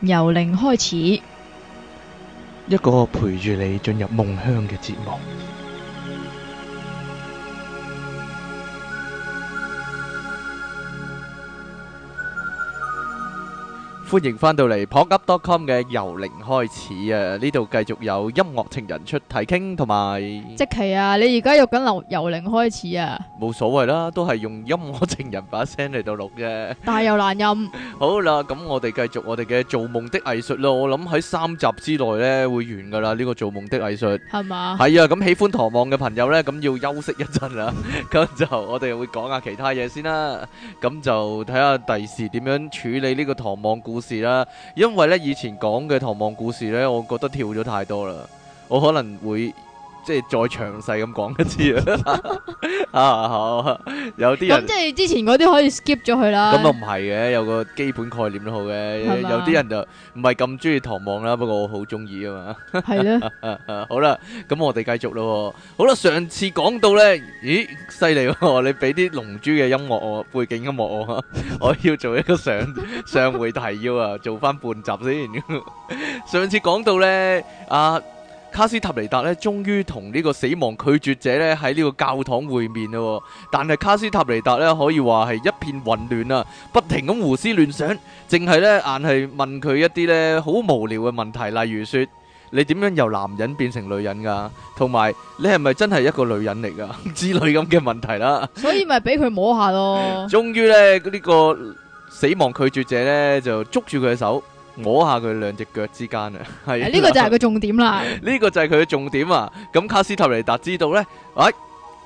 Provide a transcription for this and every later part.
由零開始，一個陪住你進入夢鄉嘅節目。歡迎翻到嚟 pocket.com 嘅《由零開始》啊！呢度繼續有音樂情人出題傾同埋，即期啊！你而家錄緊《由零開始》啊？冇所謂啦，都係用音樂情人把聲嚟到錄嘅。但係又難音。好啦，咁我哋繼續我哋嘅《做夢的藝術》咯。我諗喺三集之內咧會完噶啦。呢個《做夢的藝術》係嘛？係啊，咁喜歡《唐望》嘅朋友咧，咁要休息一陣啊。咁就我哋會講下其他嘢先啦。咁就睇下第時點樣處理呢個《唐望》故。故事啦，因為咧以前講嘅唐望故事咧，我覺得跳咗太多啦，我可能會。即係再詳細咁講一次啊！啊，好，有啲咁即係之前嗰啲可以 skip 咗佢啦。咁又唔係嘅，有個基本概念都好嘅。有啲人就唔係咁中意唐望啦，不過我好中意啊嘛。係咯，好啦，咁我哋繼續咯。好啦，上次講到咧，咦，犀利喎！你俾啲龍珠嘅音樂我，背景音樂我，我要做一個上上回提要啊，做翻半集先。上次講到咧，阿。卡斯塔尼達咧，終於同呢個死亡拒絕者咧喺呢個教堂會面咯。但係卡斯塔尼達咧，可以話係一片混亂啊，不停咁胡思亂想，淨係咧硬係問佢一啲咧好無聊嘅問題，例如說你點樣由男人變成女人噶，同埋你係咪真係一個女人嚟噶之類咁嘅問題啦。所以咪俾佢摸下咯。終於咧呢個死亡拒絕者咧就捉住佢嘅手。摸下佢兩隻腳之間啊，係 呢了個就係個重點啦。呢 個就係佢嘅重點啊。咁卡斯特雷達知道呢，哎，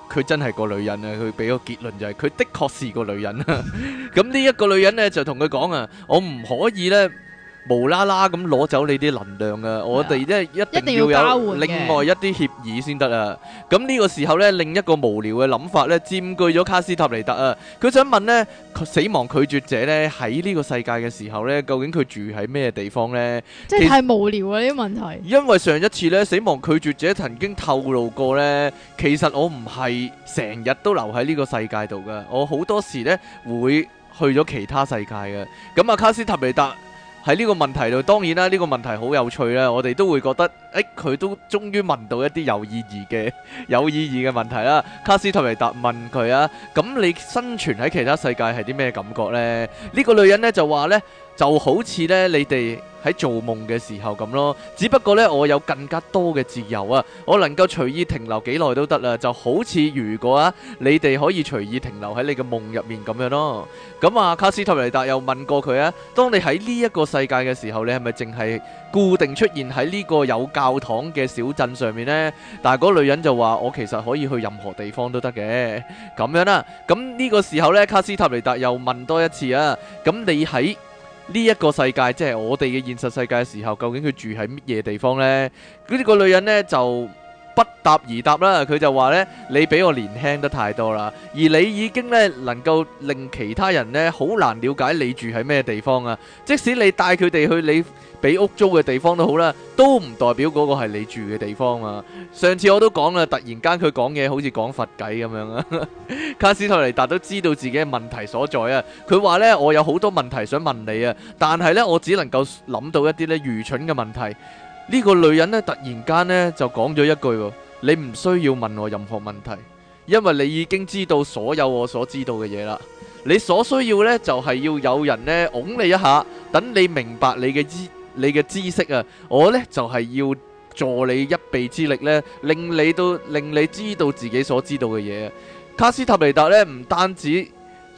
佢真係個女人啊！佢俾個結論就係，佢的確是個女人啊。咁呢一個女人呢，就同佢講啊，我唔可以呢。」無啦啦咁攞走你啲能量啊！的我哋即係一定要有另外一啲協議先得啊。咁呢個時候呢，另一個無聊嘅諗法呢，佔據咗卡斯塔尼特啊。佢想問呢，死亡拒絕者呢，喺呢個世界嘅時候呢，究竟佢住喺咩地方呢？實即係無聊啊！呢啲問題。因為上一次呢，死亡拒絕者曾經透露過呢，其實我唔係成日都留喺呢個世界度噶，我好多時呢會去咗其他世界噶。咁啊，卡斯塔尼達。喺呢個問題度，當然啦，呢、這個問題好有趣啦，我哋都會覺得，誒、欸，佢都終於問到一啲有意義嘅 有意義嘅問題啦。卡斯特維達問佢啊，咁你生存喺其他世界係啲咩感覺呢？這」呢個女人呢就話呢。」就好似呢，你哋喺做夢嘅時候咁咯。只不過呢，我有更加多嘅自由啊，我能夠隨意停留幾耐都得啦、啊。就好似如果啊，你哋可以隨意停留喺你嘅夢入面咁樣咯。咁、嗯、啊，卡斯塔尼達又問過佢啊，當你喺呢一個世界嘅時候，你係咪淨係固定出現喺呢個有教堂嘅小鎮上面呢？」但係嗰女人就話，我其實可以去任何地方都得嘅。咁樣啦、啊，咁、嗯、呢、這個時候呢，卡斯塔尼達又問多一次啊，咁、嗯、你喺呢一個世界，即係我哋嘅現實世界嘅時候，究竟佢住喺乜嘢地方呢？嗰啲個女人呢，就，不答而答啦，佢就話咧：你比我年輕得太多啦，而你已經咧能夠令其他人咧好難了解你住喺咩地方啊。即使你帶佢哋去你俾屋租嘅地方都好啦，都唔代表嗰個係你住嘅地方嘛。上次我都講啦，突然間佢講嘢，好似講佛偈咁樣啊。卡斯塔尼達都知道自己嘅問題所在啊，佢話咧：我有好多問題想問你啊，但係咧我只能夠諗到一啲咧愚蠢嘅問題。呢個女人呢，突然間呢，就講咗一句：你唔需要問我任何問題，因為你已經知道所有我所知道嘅嘢啦。你所需要呢，就係要有人呢，㧬你一下，等你明白你嘅知你嘅知識啊。我呢，就係要助你一臂之力呢，令你到令你知道自己所知道嘅嘢。卡斯塔尼達呢，唔單止。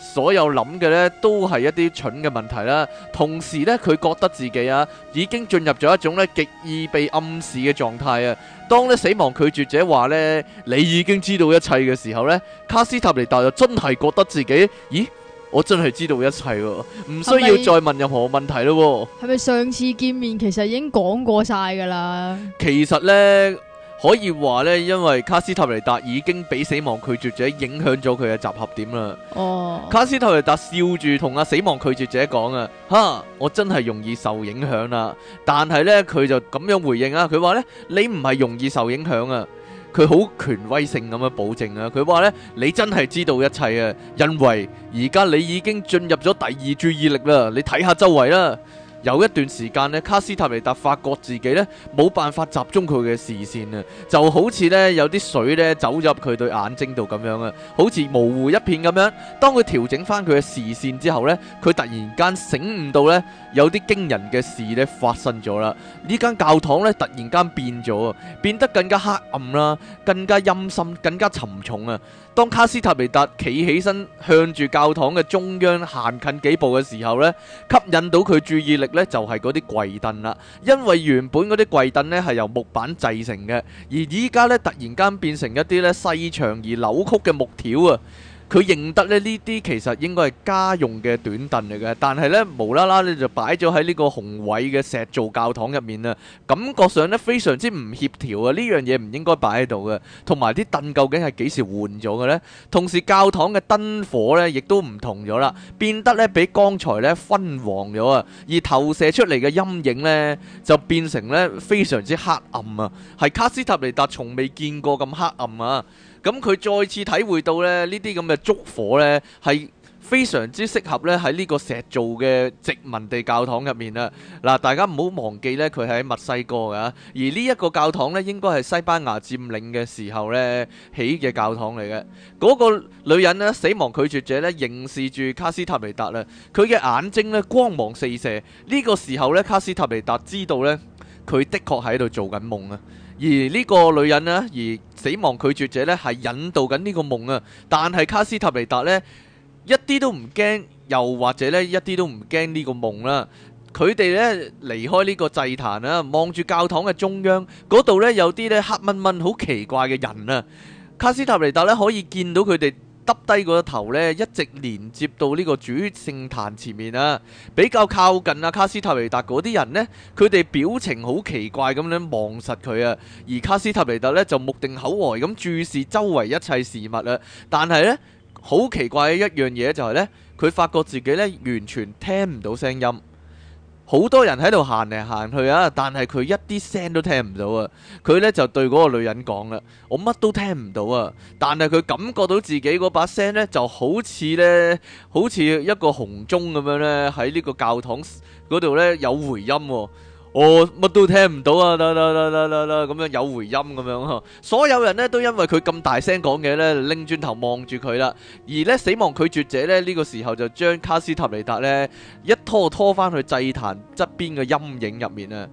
所有諗嘅呢都係一啲蠢嘅問題啦，同時呢，佢覺得自己啊已經進入咗一種呢極易被暗示嘅狀態啊。當呢死亡拒絕者話呢：「你已經知道一切嘅時候呢，卡斯塔尼達就真係覺得自己，咦我真係知道一切喎，啊，唔需要再問任何問題咯，啊。」係咪上次見面其實已經講過晒噶啦？其實呢。可以話呢，因為卡斯塔尼達已經俾死亡拒絕者影響咗佢嘅集合點啦。Oh. 卡斯塔尼達笑住同阿死亡拒絕者講啊，嚇我真係容易受影響啦。但係呢，佢就咁樣回應啊。佢話呢，你唔係容易受影響啊。佢好權威性咁樣保證啊。佢話呢，「你真係知道一切啊，因為而家你已經進入咗第二注意力啦。你睇下周圍啦啊。有一段時間咧，卡斯塔尼達發覺自己咧冇辦法集中佢嘅視線啊，就好似咧有啲水咧走入佢對眼睛度咁樣啊，好似模糊一片咁樣。當佢調整翻佢嘅視線之後呢，佢突然間醒悟到呢，有啲驚人嘅事咧發生咗啦。呢間教堂咧突然間變咗啊，變得更加黑暗啦，更加陰森，更加沉重啊！當卡斯塔尼達企起身，向住教堂嘅中央行近幾步嘅時候呢，吸引到佢注意力呢，就係嗰啲跪凳啦。因為原本嗰啲跪凳呢係由木板製成嘅，而依家呢，突然間變成一啲呢細長而扭曲嘅木條啊！佢認得咧呢啲其實應該係家用嘅短凳嚟嘅，但係咧無啦啦咧就擺咗喺呢個宏偉嘅石造教堂入面啊！感覺上咧非常之唔協調啊！呢樣嘢唔應該擺喺度嘅，同埋啲凳究竟係幾時換咗嘅咧？同時教堂嘅燈火咧亦都唔同咗啦，變得咧比剛才咧昏黃咗啊，而投射出嚟嘅陰影咧就變成咧非常之黑暗啊！係卡斯塔尼達從未見過咁黑暗啊！咁佢再次體會到咧呢啲咁嘅燭火呢，係非常之適合咧喺呢個石造嘅殖民地教堂入面啊！嗱，大家唔好忘記呢佢喺墨西哥啊，而呢一個教堂呢，應該係西班牙佔領嘅時候呢起嘅教堂嚟嘅。嗰、那個女人呢，死亡拒絕者呢，凝視住卡斯塔尼達啦，佢嘅眼睛呢，光芒四射。呢、這個時候呢，卡斯塔尼達知道呢，佢的確喺度做緊夢啊。而呢個女人呢，……而死亡拒絕者咧係引導緊呢個夢啊，但係卡斯塔尼達咧一啲都唔驚，又或者咧一啲都唔驚呢個夢啦。佢哋咧離開呢個祭壇啊，望住教堂嘅中央嗰度咧有啲咧黑掹掹好奇怪嘅人啊。卡斯塔尼達咧可以見到佢哋。耷低個頭咧，一直連接到呢個主聖壇前面啊，比較靠近啊，卡斯泰維達嗰啲人咧，佢哋表情好奇怪咁樣望實佢啊，而卡斯泰維達咧就目定口呆咁注視周圍一切事物啊，但係咧好奇怪嘅一樣嘢就係咧，佢發覺自己咧完全聽唔到聲音。好多人喺度行嚟行去啊，但係佢一啲聲都聽唔到啊！佢呢就對嗰個女人講啦：「我乜都聽唔到啊！」但係佢感覺到自己嗰把聲呢，就好似呢，好似一個洪鐘咁樣呢。喺呢個教堂嗰度呢，有回音喎。我乜、哦、都聽唔到啊，啦啦啦啦啦咁樣，有回音咁樣，所有人呢都因為佢咁大聲講嘢呢，拎轉頭望住佢啦。而呢死亡拒絕者呢，呢、這個時候就將卡斯塔尼達呢一拖拖翻去祭壇側邊嘅陰影入面啊。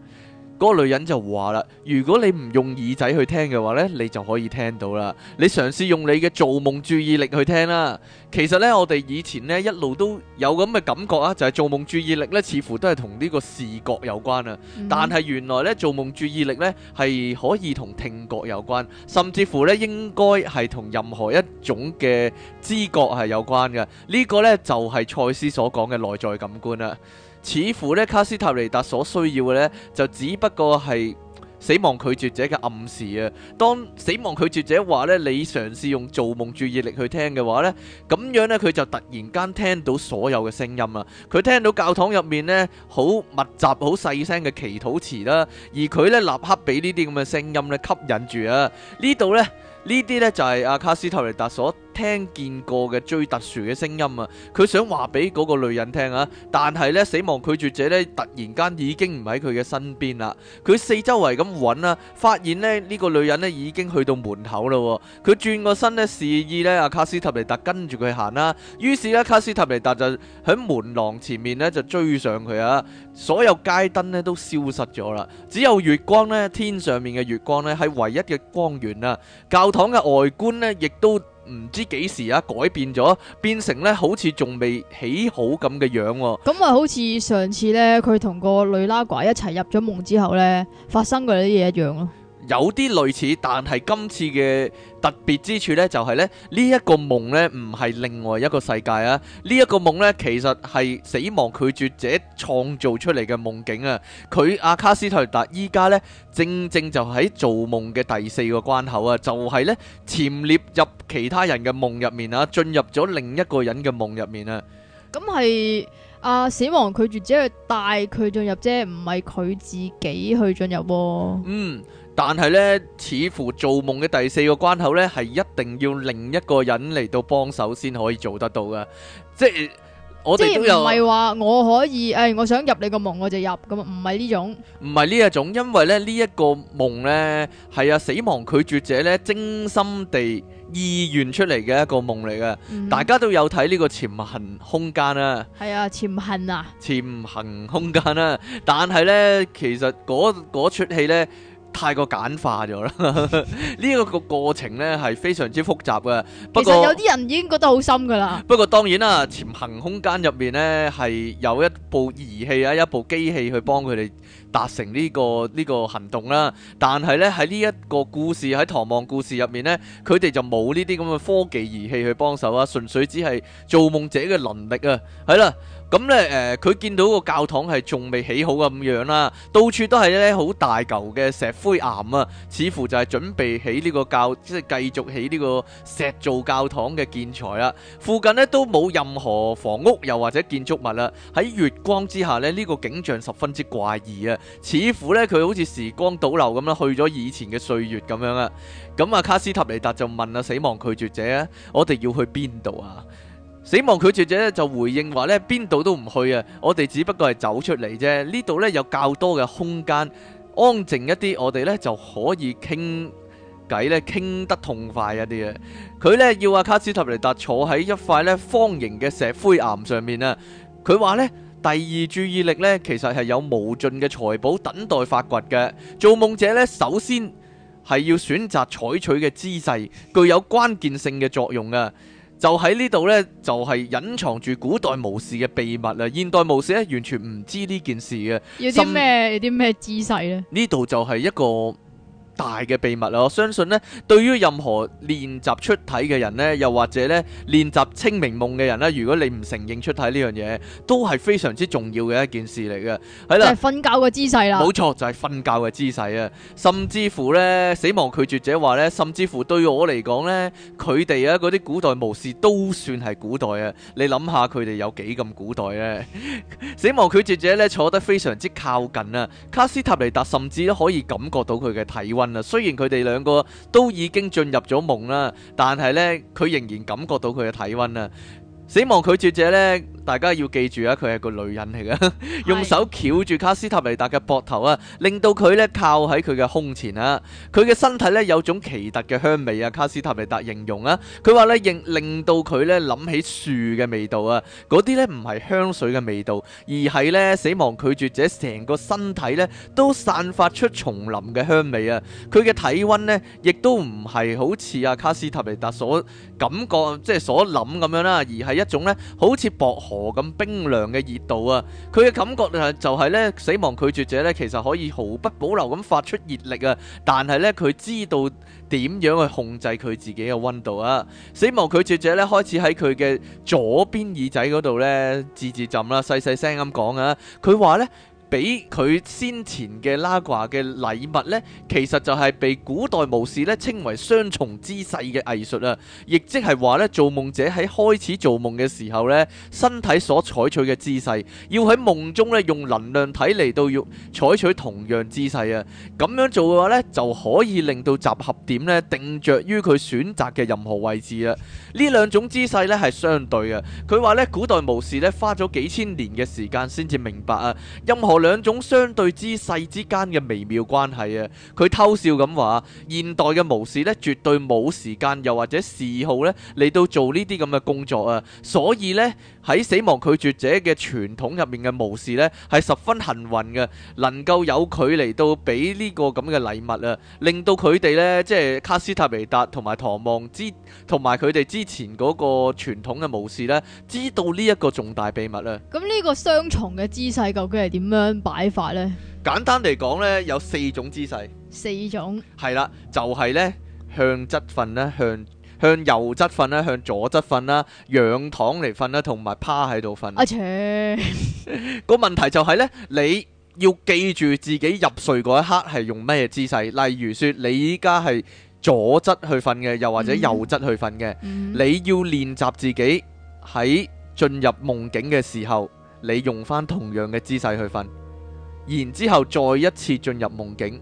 嗰個女人就話啦：如果你唔用耳仔去聽嘅話呢，你就可以聽到啦。你嘗試用你嘅做夢注意力去聽啦。其實呢，我哋以前呢一路都有咁嘅感覺啊，就係、是、做夢注意力呢似乎都係同呢個視覺有關啊。Mm-hmm. 但係原來呢，做夢注意力呢係可以同聽覺有關，甚至乎呢應該係同任何一種嘅知覺係有關嘅。呢、這個呢，就係、是、賽斯所講嘅內在感官啦。似乎咧卡斯塔尼達所需要嘅呢就只不過係死亡拒絕者嘅暗示啊！當死亡拒絕者話咧你嘗試用做夢注意力去聽嘅話呢咁樣呢佢就突然間聽到所有嘅聲音啊！佢聽到教堂入面呢好密集、好細聲嘅祈禱詞啦，而佢呢立刻俾呢啲咁嘅聲音咧吸引住啊！呢度呢，呢啲呢就係阿卡斯塔尼達所。聽見過嘅最特殊嘅聲音啊！佢想話俾嗰個女人聽啊，但係咧死亡拒絕者咧突然間已經唔喺佢嘅身邊啦。佢四周圍咁揾啦，發現咧呢個女人咧已經去到門口啦。佢轉個身咧，示意咧阿卡斯塔尼達跟住佢行啦。於是咧卡斯塔尼達就喺門廊前面咧就追上佢啊。所有街燈咧都消失咗啦，只有月光咧天上面嘅月光咧係唯一嘅光源啊。教堂嘅外觀咧亦都。唔知幾時啊，改變咗，變成咧好似仲未起好咁嘅樣喎。咁啊，好似上次咧，佢同個女拉鬼一齊入咗夢之後咧，發生過啲嘢一樣咯。有啲類似，但係今次嘅特別之處呢，就係咧呢一個夢咧，唔係另外一個世界啊！呢一個夢咧，其實係死亡拒絕者創造出嚟嘅夢境啊！佢阿卡斯特達依家呢，正正就喺做夢嘅第四個關口啊！就係咧潛列入其他人嘅夢入面啊，進入咗另一個人嘅夢入面啊！咁係啊，死亡拒絕者帶佢進入啫，唔係佢自己去進入。嗯。但係咧，似乎做夢嘅第四個關口咧，係一定要另一個人嚟到幫手先可以做得到㗎。即係我哋都有，即係唔係話我可以誒，我想入你個夢我就入咁啊，唔係呢種，唔係呢一種，因為咧呢一個夢咧係啊死亡拒絕者咧精心地意願出嚟嘅一個夢嚟嘅。大家都有睇呢個潛行空間啊，係啊，潛行啊，潛行空間啊。但係咧，其實嗰嗰出戲咧。太過簡化咗啦！呢個個過程呢係非常之複雜嘅，其實有啲人已經覺得好深噶啦。不過當然啦、啊，潛行空間入面呢係有一部儀器啊，一部機器去幫佢哋。達成呢個呢個行動啦，但係咧喺呢一個故事喺《唐望故事》入面咧，佢哋就冇呢啲咁嘅科技儀器去幫手啊，純粹只係做夢者嘅能力啊，係啦，咁咧誒，佢見到個教堂係仲未起好嘅咁樣啦，到處都係咧好大嚿嘅石灰岩啊，似乎就係準備起呢個教即係繼續起呢個石造教堂嘅建材啊，附近咧都冇任何房屋又或者建築物啦，喺月光之下咧呢個景象十分之怪異啊！似乎咧，佢好似時光倒流咁啦，去咗以前嘅歲月咁樣啦。咁啊，卡斯塔尼達就問啊，死亡拒絕者啊，我哋要去邊度啊？死亡拒絕者咧就回應話咧，邊度都唔去啊，我哋只不過係走出嚟啫。呢度咧有較多嘅空間，安靜一啲，我哋咧就可以傾偈咧，傾得痛快一啲啊。佢咧要阿卡斯塔尼達坐喺一塊咧方形嘅石灰岩上面啊。佢話咧。第二注意力呢，其實係有無盡嘅財寶等待發掘嘅。做夢者呢，首先係要選擇採取嘅姿勢，具有關鍵性嘅作用嘅。就喺呢度呢，就係、是、隱藏住古代巫士嘅秘密啊！現代巫士呢，完全唔知呢件事嘅。有啲咩？有啲咩姿勢呢？呢度就係一個。大嘅秘密，我相信呢，對於任何練習出體嘅人呢，又或者咧練習清明夢嘅人呢，如果你唔承認出體呢樣嘢，都係非常之重要嘅一件事嚟嘅。係啦，就係瞓覺嘅姿勢啦。冇錯就係、是、瞓覺嘅姿勢啊！甚至乎呢，死亡拒絕者話呢，甚至乎對我嚟講呢，佢哋啊啲古代巫師都算係古代啊！你諗下佢哋有幾咁古代啊 死亡拒絕者呢，坐得非常之靠近啊！卡斯塔尼達甚至都可以感覺到佢嘅體溫。雖然佢哋兩個都已經進入咗夢啦，但係呢，佢仍然感覺到佢嘅體温啦。死亡拒絕者咧，大家要記住啊！佢係個女人嚟嘅。 用手翹住卡斯塔尼達嘅膊頭啊，令到佢咧靠喺佢嘅胸前啊。佢嘅身體咧有種奇特嘅香味啊，卡斯塔尼達形容啊，佢話咧令令到佢咧諗起樹嘅味道啊。嗰啲咧唔係香水嘅味道，而係咧死亡拒絕者成個身體咧都散發出松林嘅香味啊。佢嘅體温咧亦都唔係好似啊卡斯塔尼達所感覺即係所諗咁樣啦，而係。一種咧好似薄荷咁冰涼嘅熱度啊，佢嘅感覺就係咧死亡拒絕者咧其實可以毫不保留咁發出熱力啊，但係咧佢知道點樣去控制佢自己嘅溫度啊。死亡拒絕者咧開始喺佢嘅左邊耳仔嗰度咧字字浸啦，細細聲咁講啊，佢話咧。俾佢先前嘅拉掛嘅禮物咧，其實就係被古代巫師咧稱為雙重姿勢嘅藝術啊！亦即係話咧，做夢者喺開始做夢嘅時候咧，身體所採取嘅姿勢要喺夢中咧用能量體嚟到採取同樣姿勢啊！咁樣做嘅話咧，就可以令到集合點咧定着於佢選擇嘅任何位置啊！呢兩種姿勢咧係相對啊，佢話咧，古代巫師咧花咗幾千年嘅時間先至明白啊！任何兩種相對姿勢之間嘅微妙關係啊！佢偷笑咁話：現代嘅巫士咧，絕對冇時間又或者嗜好咧嚟到做呢啲咁嘅工作啊！所以咧喺死亡拒絕者嘅傳統入面嘅巫士咧，係十分幸運嘅，能夠有佢嚟到俾呢個咁嘅禮物啊，令到佢哋咧即係卡斯塔維達同埋唐望之同埋佢哋之前嗰個傳統嘅巫士咧，知道呢一個重大秘密啊！咁呢個雙重嘅姿勢究竟係點樣？擺法咧，簡單嚟講咧，有四種姿勢，四種係啦，就係咧，向側瞓啦，向向右側瞓啦，向左側瞓啦，仰躺嚟瞓啦，同埋趴喺度瞓。阿 Sir，個問題就係咧，你要記住自己入睡嗰一刻係用咩姿勢，例如說你依家係左側去瞓嘅，又或者右側去瞓嘅，你要練習自己喺進入夢境嘅時候。你用翻同樣嘅姿勢去瞓，然之後再一次進入夢境。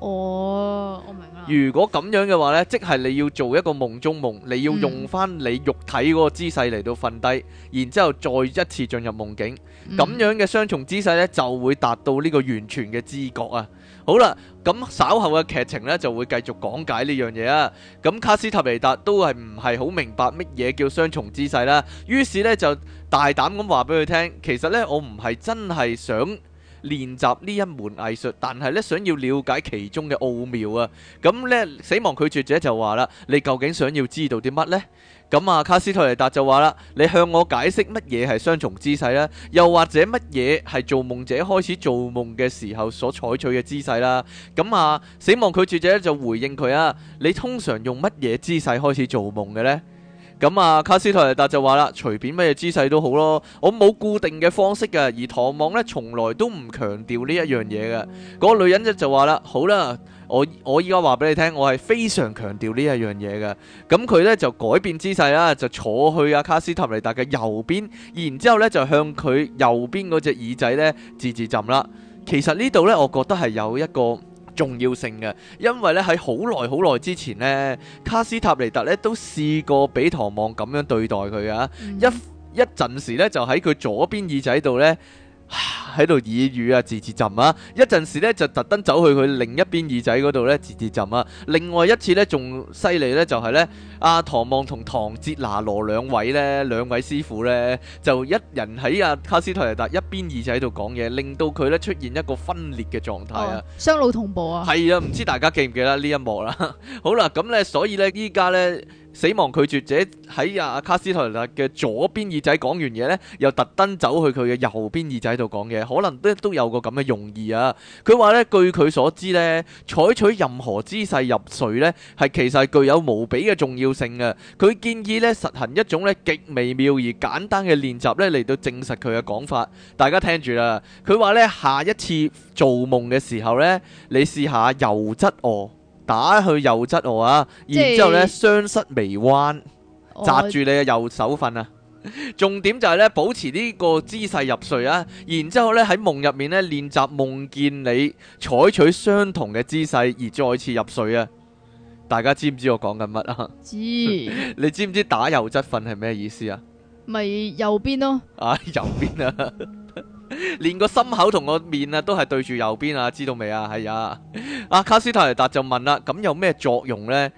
哦，我明啦。如果咁樣嘅話呢，即係你要做一個夢中夢，你要用翻你肉體嗰個姿勢嚟到瞓低，嗯、然之後再一次進入夢境，咁樣嘅雙重姿勢呢，就會達到呢個完全嘅知覺啊！好啦，咁稍後嘅劇情呢就會繼續講解呢樣嘢啊。咁卡斯塔尼達都係唔係好明白乜嘢叫雙重姿勢啦，於是呢就大膽咁話俾佢聽，其實呢，我唔係真係想練習呢一門藝術，但係呢想要了解其中嘅奧妙啊。咁呢死亡拒絕者就話啦：「你究竟想要知道啲乜呢？」咁啊，卡斯托尼達就話啦：你向我解釋乜嘢係雙重姿勢咧？又或者乜嘢係做夢者開始做夢嘅時候所採取嘅姿勢啦？咁啊，死亡拒絕者就回應佢啊：你通常用乜嘢姿勢開始做夢嘅咧？咁啊，卡斯塔尼達就話啦，隨便咩姿勢都好咯，我冇固定嘅方式嘅，而唐望咧從來都唔強調呢一樣嘢嘅。嗰、那個女人咧就話啦，好啦，我我依家話俾你聽，我係非常強調呢一樣嘢嘅。咁佢咧就改變姿勢啦，就坐去阿卡斯塔尼達嘅右邊，然之後咧就向佢右邊嗰隻耳仔咧，自自浸啦。其實呢度咧，我覺得係有一個。重要性嘅，因為咧喺好耐好耐之前呢，卡斯塔尼特咧都試過俾唐望咁樣對待佢嘅，mm hmm. 一一陣時咧就喺佢左邊耳仔度咧。喺度耳語啊，字字浸啊，一陣時咧就特登走去佢另一邊耳仔嗰度咧字字浸啊，另外一次咧仲犀利咧就係咧阿唐望同唐哲拿羅兩位咧兩位師傅咧就一人喺阿、啊、卡斯泰尼達一邊耳仔度講嘢，令到佢咧出現一個分裂嘅狀態啊，雙腦、哦、同步啊，係啊，唔知大家記唔記得呢一幕啦， 好啦，咁咧所以咧依家咧。死亡拒絕者喺阿卡斯托尼嘅左邊耳仔講完嘢呢，又特登走去佢嘅右邊耳仔度講嘢，可能都都有個咁嘅用意啊！佢話呢，據佢所知呢，採取任何姿勢入睡呢，係其實係具有無比嘅重要性嘅。佢建議呢，實行一種呢，極微妙而簡單嘅練習呢，嚟到證實佢嘅講法。大家聽住啦！佢話呢，下一次做夢嘅時候呢，你試下右側臥。打去右側啊，然之後咧，雙膝微彎，我 紮住你嘅右手瞓啊。重點就係呢，保持呢個姿勢入睡啊。然之後咧喺夢入面呢，練習夢見你採取相同嘅姿勢而再次入睡啊。大家知唔知我講緊乜啊？知。 你知唔知打右側瞓係咩意思啊？咪右邊咯。啊，右邊啊。 連個心口同個面啊，都係對住右邊啊，知道未啊？ 啊？係啊，阿卡斯泰尼達就問啦，咁有咩作用呢？」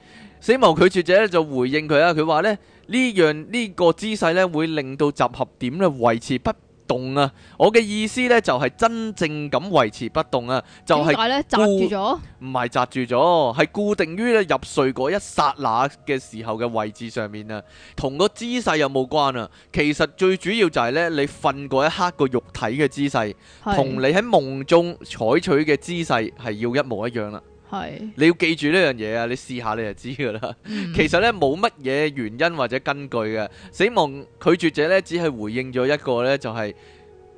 死亡拒絕者咧就回應佢啊，佢話咧呢樣呢、這個姿勢咧會令到集合點咧維持不動啊！我嘅意思呢，就係真正咁維持不動啊，就係紮住咗，唔係紮住咗，係固定於咧入睡嗰一剎那嘅時候嘅位置上面啊，同個姿勢又冇關啊。其實最主要就係呢，你瞓嗰一刻個肉體嘅姿勢，同你喺夢中採取嘅姿勢係要一模一樣啦。係，你要記住呢樣嘢啊！你試下，你就知噶啦。嗯、其實呢，冇乜嘢原因或者根據嘅，死亡拒絕者呢，只係回應咗一個呢、就係，就係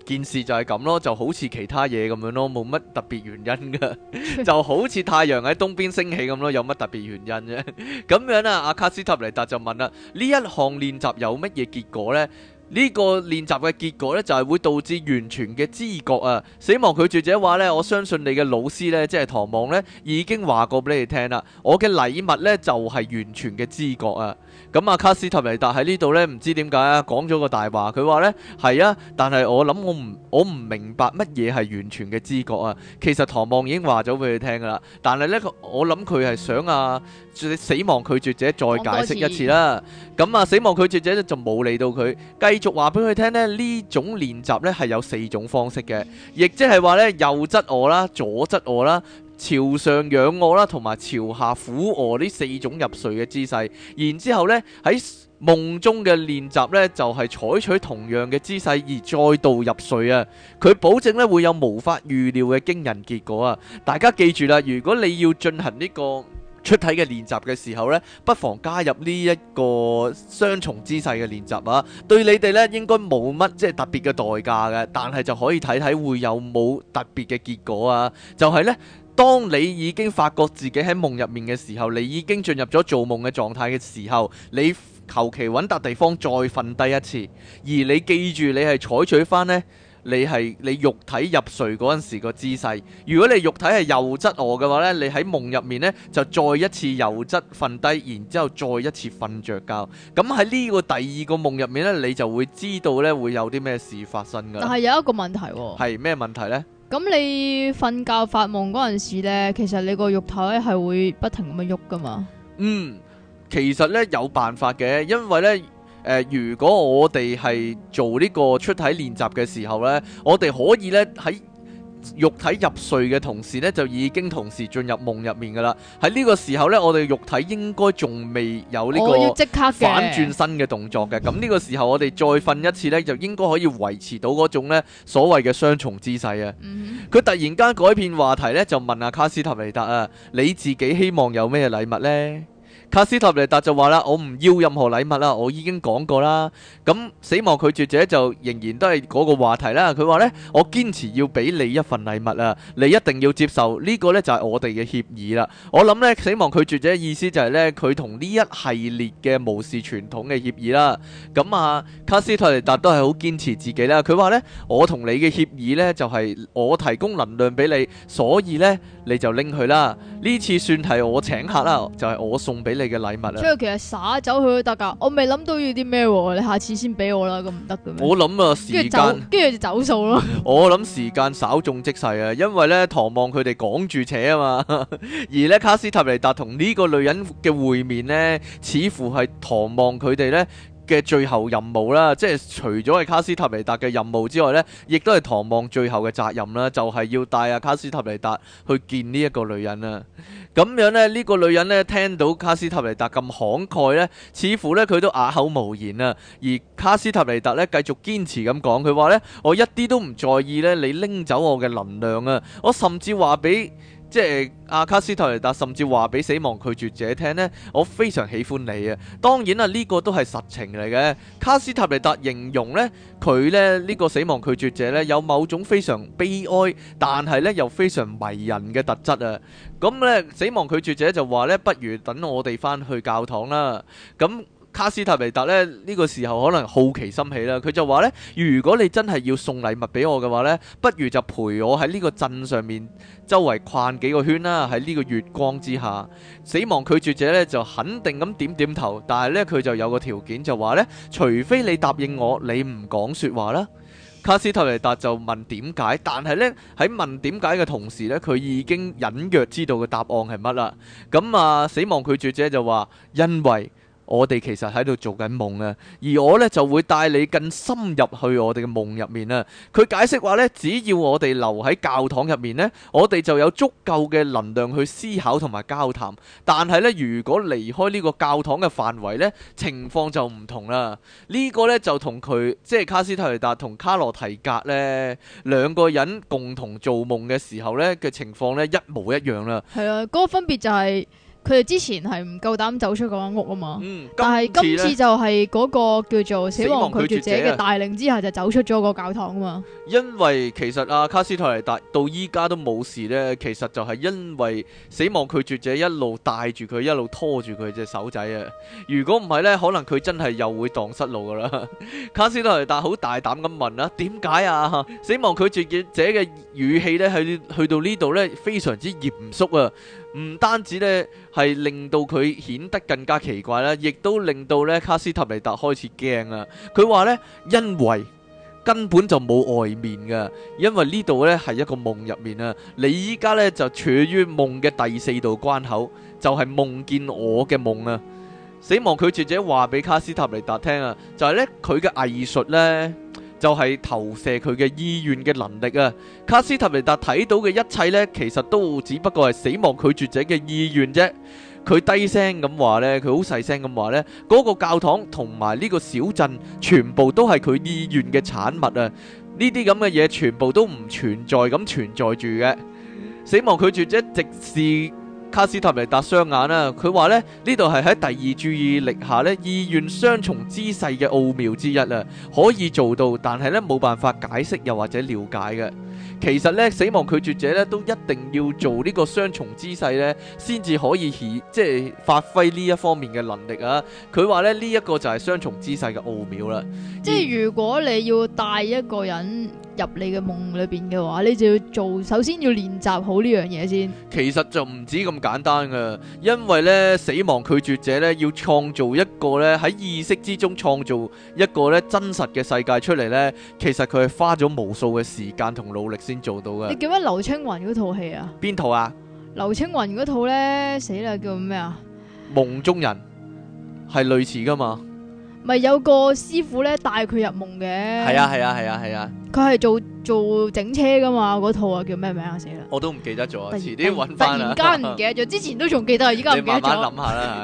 件事就係咁咯，就好似其他嘢咁樣咯，冇乜特別原因噶， 就好似太陽喺東邊升起咁咯，有乜特別原因啫？咁 樣啊，阿卡斯塔尼達就問啦：「呢一項練習有乜嘢結果呢？」呢個練習嘅結果呢，就係會導致完全嘅知覺啊！死亡拒絕者話呢，我相信你嘅老師呢，即係唐望呢，已經話過俾你聽啦。我嘅禮物呢，就係完全嘅知覺啊！咁啊，卡斯特尼達喺呢度呢，唔知點解啊，講咗個大話。佢話呢係啊，但係我諗我唔我唔明白乜嘢係完全嘅知覺啊。其實唐望已經話咗俾佢聽噶啦，但係咧，我諗佢係想啊，死亡拒絕者再解釋一次啦。咁啊，死亡拒絕者就冇理到佢，繼續話俾佢聽咧，呢種練習呢係有四種方式嘅，亦即係話呢：右側我啦，左側我啦。朝上仰臥啦，同埋朝下俯臥，呢四種入睡嘅姿勢，然之後呢喺夢中嘅練習呢就係採取同樣嘅姿勢而再度入睡啊！佢保證呢會有無法預料嘅驚人結果啊！大家記住啦，如果你要進行呢個出體嘅練習嘅時候呢，不妨加入呢一個雙重姿勢嘅練習啊！對你哋呢應該冇乜即係特別嘅代價嘅，但係就可以睇睇會有冇特別嘅結果啊！就係呢。當你已經發覺自己喺夢入面嘅時候，你已經進入咗做夢嘅狀態嘅時候，你求其揾笪地方再瞓低一次，而你記住你係採取翻呢，你係你肉體入睡嗰陣時個姿勢。如果你肉體係右側卧嘅話呢，你喺夢入面呢就再一次右側瞓低，然之後再一次瞓着覺。咁喺呢個第二個夢入面呢，你就會知道呢會有啲咩事發生噶。但係有一個問題喎、哦，係咩問題呢？咁你瞓覺發夢嗰陣時呢，其實你個肉體係會不停咁樣喐噶嘛？嗯，其實呢，有辦法嘅，因為呢，誒、呃，如果我哋係做呢個出體練習嘅時候呢，我哋可以呢。喺。肉體入睡嘅同時呢，就已經同時進入夢入面噶啦。喺呢個時候呢，我哋肉體應該仲未有呢個反轉身嘅動作嘅。咁呢、哦、個時候我哋再瞓一次呢，就應該可以維持到嗰種呢所謂嘅雙重姿勢啊。佢、嗯、哼突然間改變話題呢，就問阿、啊、卡斯塔尼達啊，你自己希望有咩禮物呢？」卡斯泰利達就話啦，我唔要任何禮物啦，我已經講過啦。咁死亡拒絕者就仍然都係嗰個話題啦。佢話呢，我堅持要俾你一份禮物啊，你一定要接受呢，呢個呢就係我哋嘅協議啦。我諗呢，死亡拒絕者意思就係呢，佢同呢一系列嘅無視傳統嘅協議啦。咁啊，卡斯泰利達都係好堅持自己啦。佢話呢，我同你嘅協議呢就係、是、我提供能量俾你，所以呢你就拎佢啦。呢次算係我請客啦，就係、是、我送俾你。你嘅禮物啊？所以其實耍走佢都得噶，我未諗到要啲咩，你下次先俾我啦，咁唔得嘅咩？我諗啊，時間，跟住就走數咯。 我諗時間稍縱即逝啊，因為咧唐望佢哋趕住扯啊嘛，呵呵，而咧卡斯塔尼達同呢個女人嘅會面咧，似乎係唐望佢哋咧，嘅最後任務啦，即係除咗係卡斯塔尼達嘅任務之外呢，亦都係唐望最後嘅責任啦，就係、是、要帶啊卡斯塔尼達去見呢一個女人啊。咁樣呢，呢個女人呢，聽到卡斯塔尼達咁慷慨呢，似乎呢，佢都啞口無言啊。而卡斯塔尼達呢，繼續堅持咁講，佢話呢：「我一啲都唔在意呢，你拎走我嘅能量啊，我甚至話俾。即係阿卡斯泰利達甚至話俾死亡拒絕者聽呢，我非常喜歡你啊！當然啦，呢個都係實情嚟嘅。卡斯泰利達形容呢，佢咧呢個死亡拒絕者呢，有某種非常悲哀，但係呢又非常迷人嘅特質啊！咁呢，死亡拒絕者就話呢，不如等我哋返去教堂啦。咁卡斯塔尼達呢，呢個時候可能好奇心起啦，佢就話呢如果你真係要送禮物俾我嘅話呢不如就陪我喺呢個鎮上面周圍逛幾個圈啦，喺呢個月光之下。死亡拒絕者呢就肯定咁點點頭，但係呢，佢就有個條件就話呢除非你答應我，你唔講説話啦。卡斯塔尼達就問點解，但係呢喺問點解嘅同時呢，佢已經隱約知道嘅答案係乜啦。咁啊，死亡拒絕者就話：因為我哋其實喺度做緊夢啊，而我呢就會帶你更深入去我哋嘅夢入面啊。佢解釋話呢，只要我哋留喺教堂入面呢，我哋就有足夠嘅能量去思考同埋交談。但係呢，如果離開呢個教堂嘅範圍呢，情況就唔同啦。呢個呢，就同佢即係卡斯特雷達同卡羅提格呢兩個人共同做夢嘅時候呢嘅情況呢，一模一樣啦。係啊，嗰個分別就係。佢哋之前係唔夠膽走出嗰間屋啊嘛，嗯、但係今次呢，今次就係嗰個叫做死亡拒絕者嘅帶領之下，就走出咗個教堂啊嘛。因為其實阿、啊、卡斯泰利達到依家都冇事呢，其實就係因為死亡拒絕者一路帶住佢，一路拖住佢隻手仔啊。如果唔係呢，可能佢真係又會蕩失路噶啦。卡斯泰利達好大膽咁問啦、啊，點解啊？死亡拒絕者嘅語氣呢，去去到呢度呢，非常之嚴肅啊。唔單止咧係令到佢顯得更加奇怪咧，亦都令到咧卡斯塔尼達開始驚啦。佢話咧，因為根本就冇外面嘅，因為呢度咧係一個夢入面啊！你依家咧就處於夢嘅第四道關口，就係、是、夢見我嘅夢啊！死亡拒絕者話俾卡斯塔尼達聽啊，就係、是、呢，佢嘅藝術呢。」就係投射佢嘅意願嘅能力啊！卡斯特尼達睇到嘅一切呢，其實都只不過係死亡拒絕者嘅意願啫。佢低聲咁話呢，佢好細聲咁話呢，嗰個教堂同埋呢個小鎮，全部都係佢意願嘅產物啊！呢啲咁嘅嘢，全部都唔存在咁存在住嘅。死亡拒絕者直視卡斯塔尼達雙眼啊，佢話咧，呢度係喺第二注意力下咧意願雙重姿勢嘅奧妙之一啊，可以做到，但係咧冇辦法解釋又或者了解嘅。其實咧死亡拒絕者咧都一定要做呢個雙重姿勢咧，先至可以起即係發揮呢一方面嘅能力啊。佢話咧，呢一個就係雙重姿勢嘅奧妙啦。即係如果你要帶一個人，入你嘅夢裏邊嘅話，你就要做，首先要練習好呢樣嘢先。其實就唔止咁簡單嘅，因為咧死亡拒絕者咧要創造一個咧喺意識之中創造一個咧真實嘅世界出嚟，呢，其實佢係花咗無數嘅時間同努力先做到嘅。你記得劉青雲嗰套戲啊？邊套啊？劉青雲嗰套呢？死啦！叫咩啊？夢中人係類似噶嘛？咪有個師傅呢帶佢入夢嘅。係啊係啊係啊係啊！佢係做做整車噶嘛？嗰套啊叫咩名啊？死啦！我都唔記得咗，但遲啲揾翻啦。突然間唔記得咗， 之前都仲記得，依家唔記得咗。你慢慢諗下啦。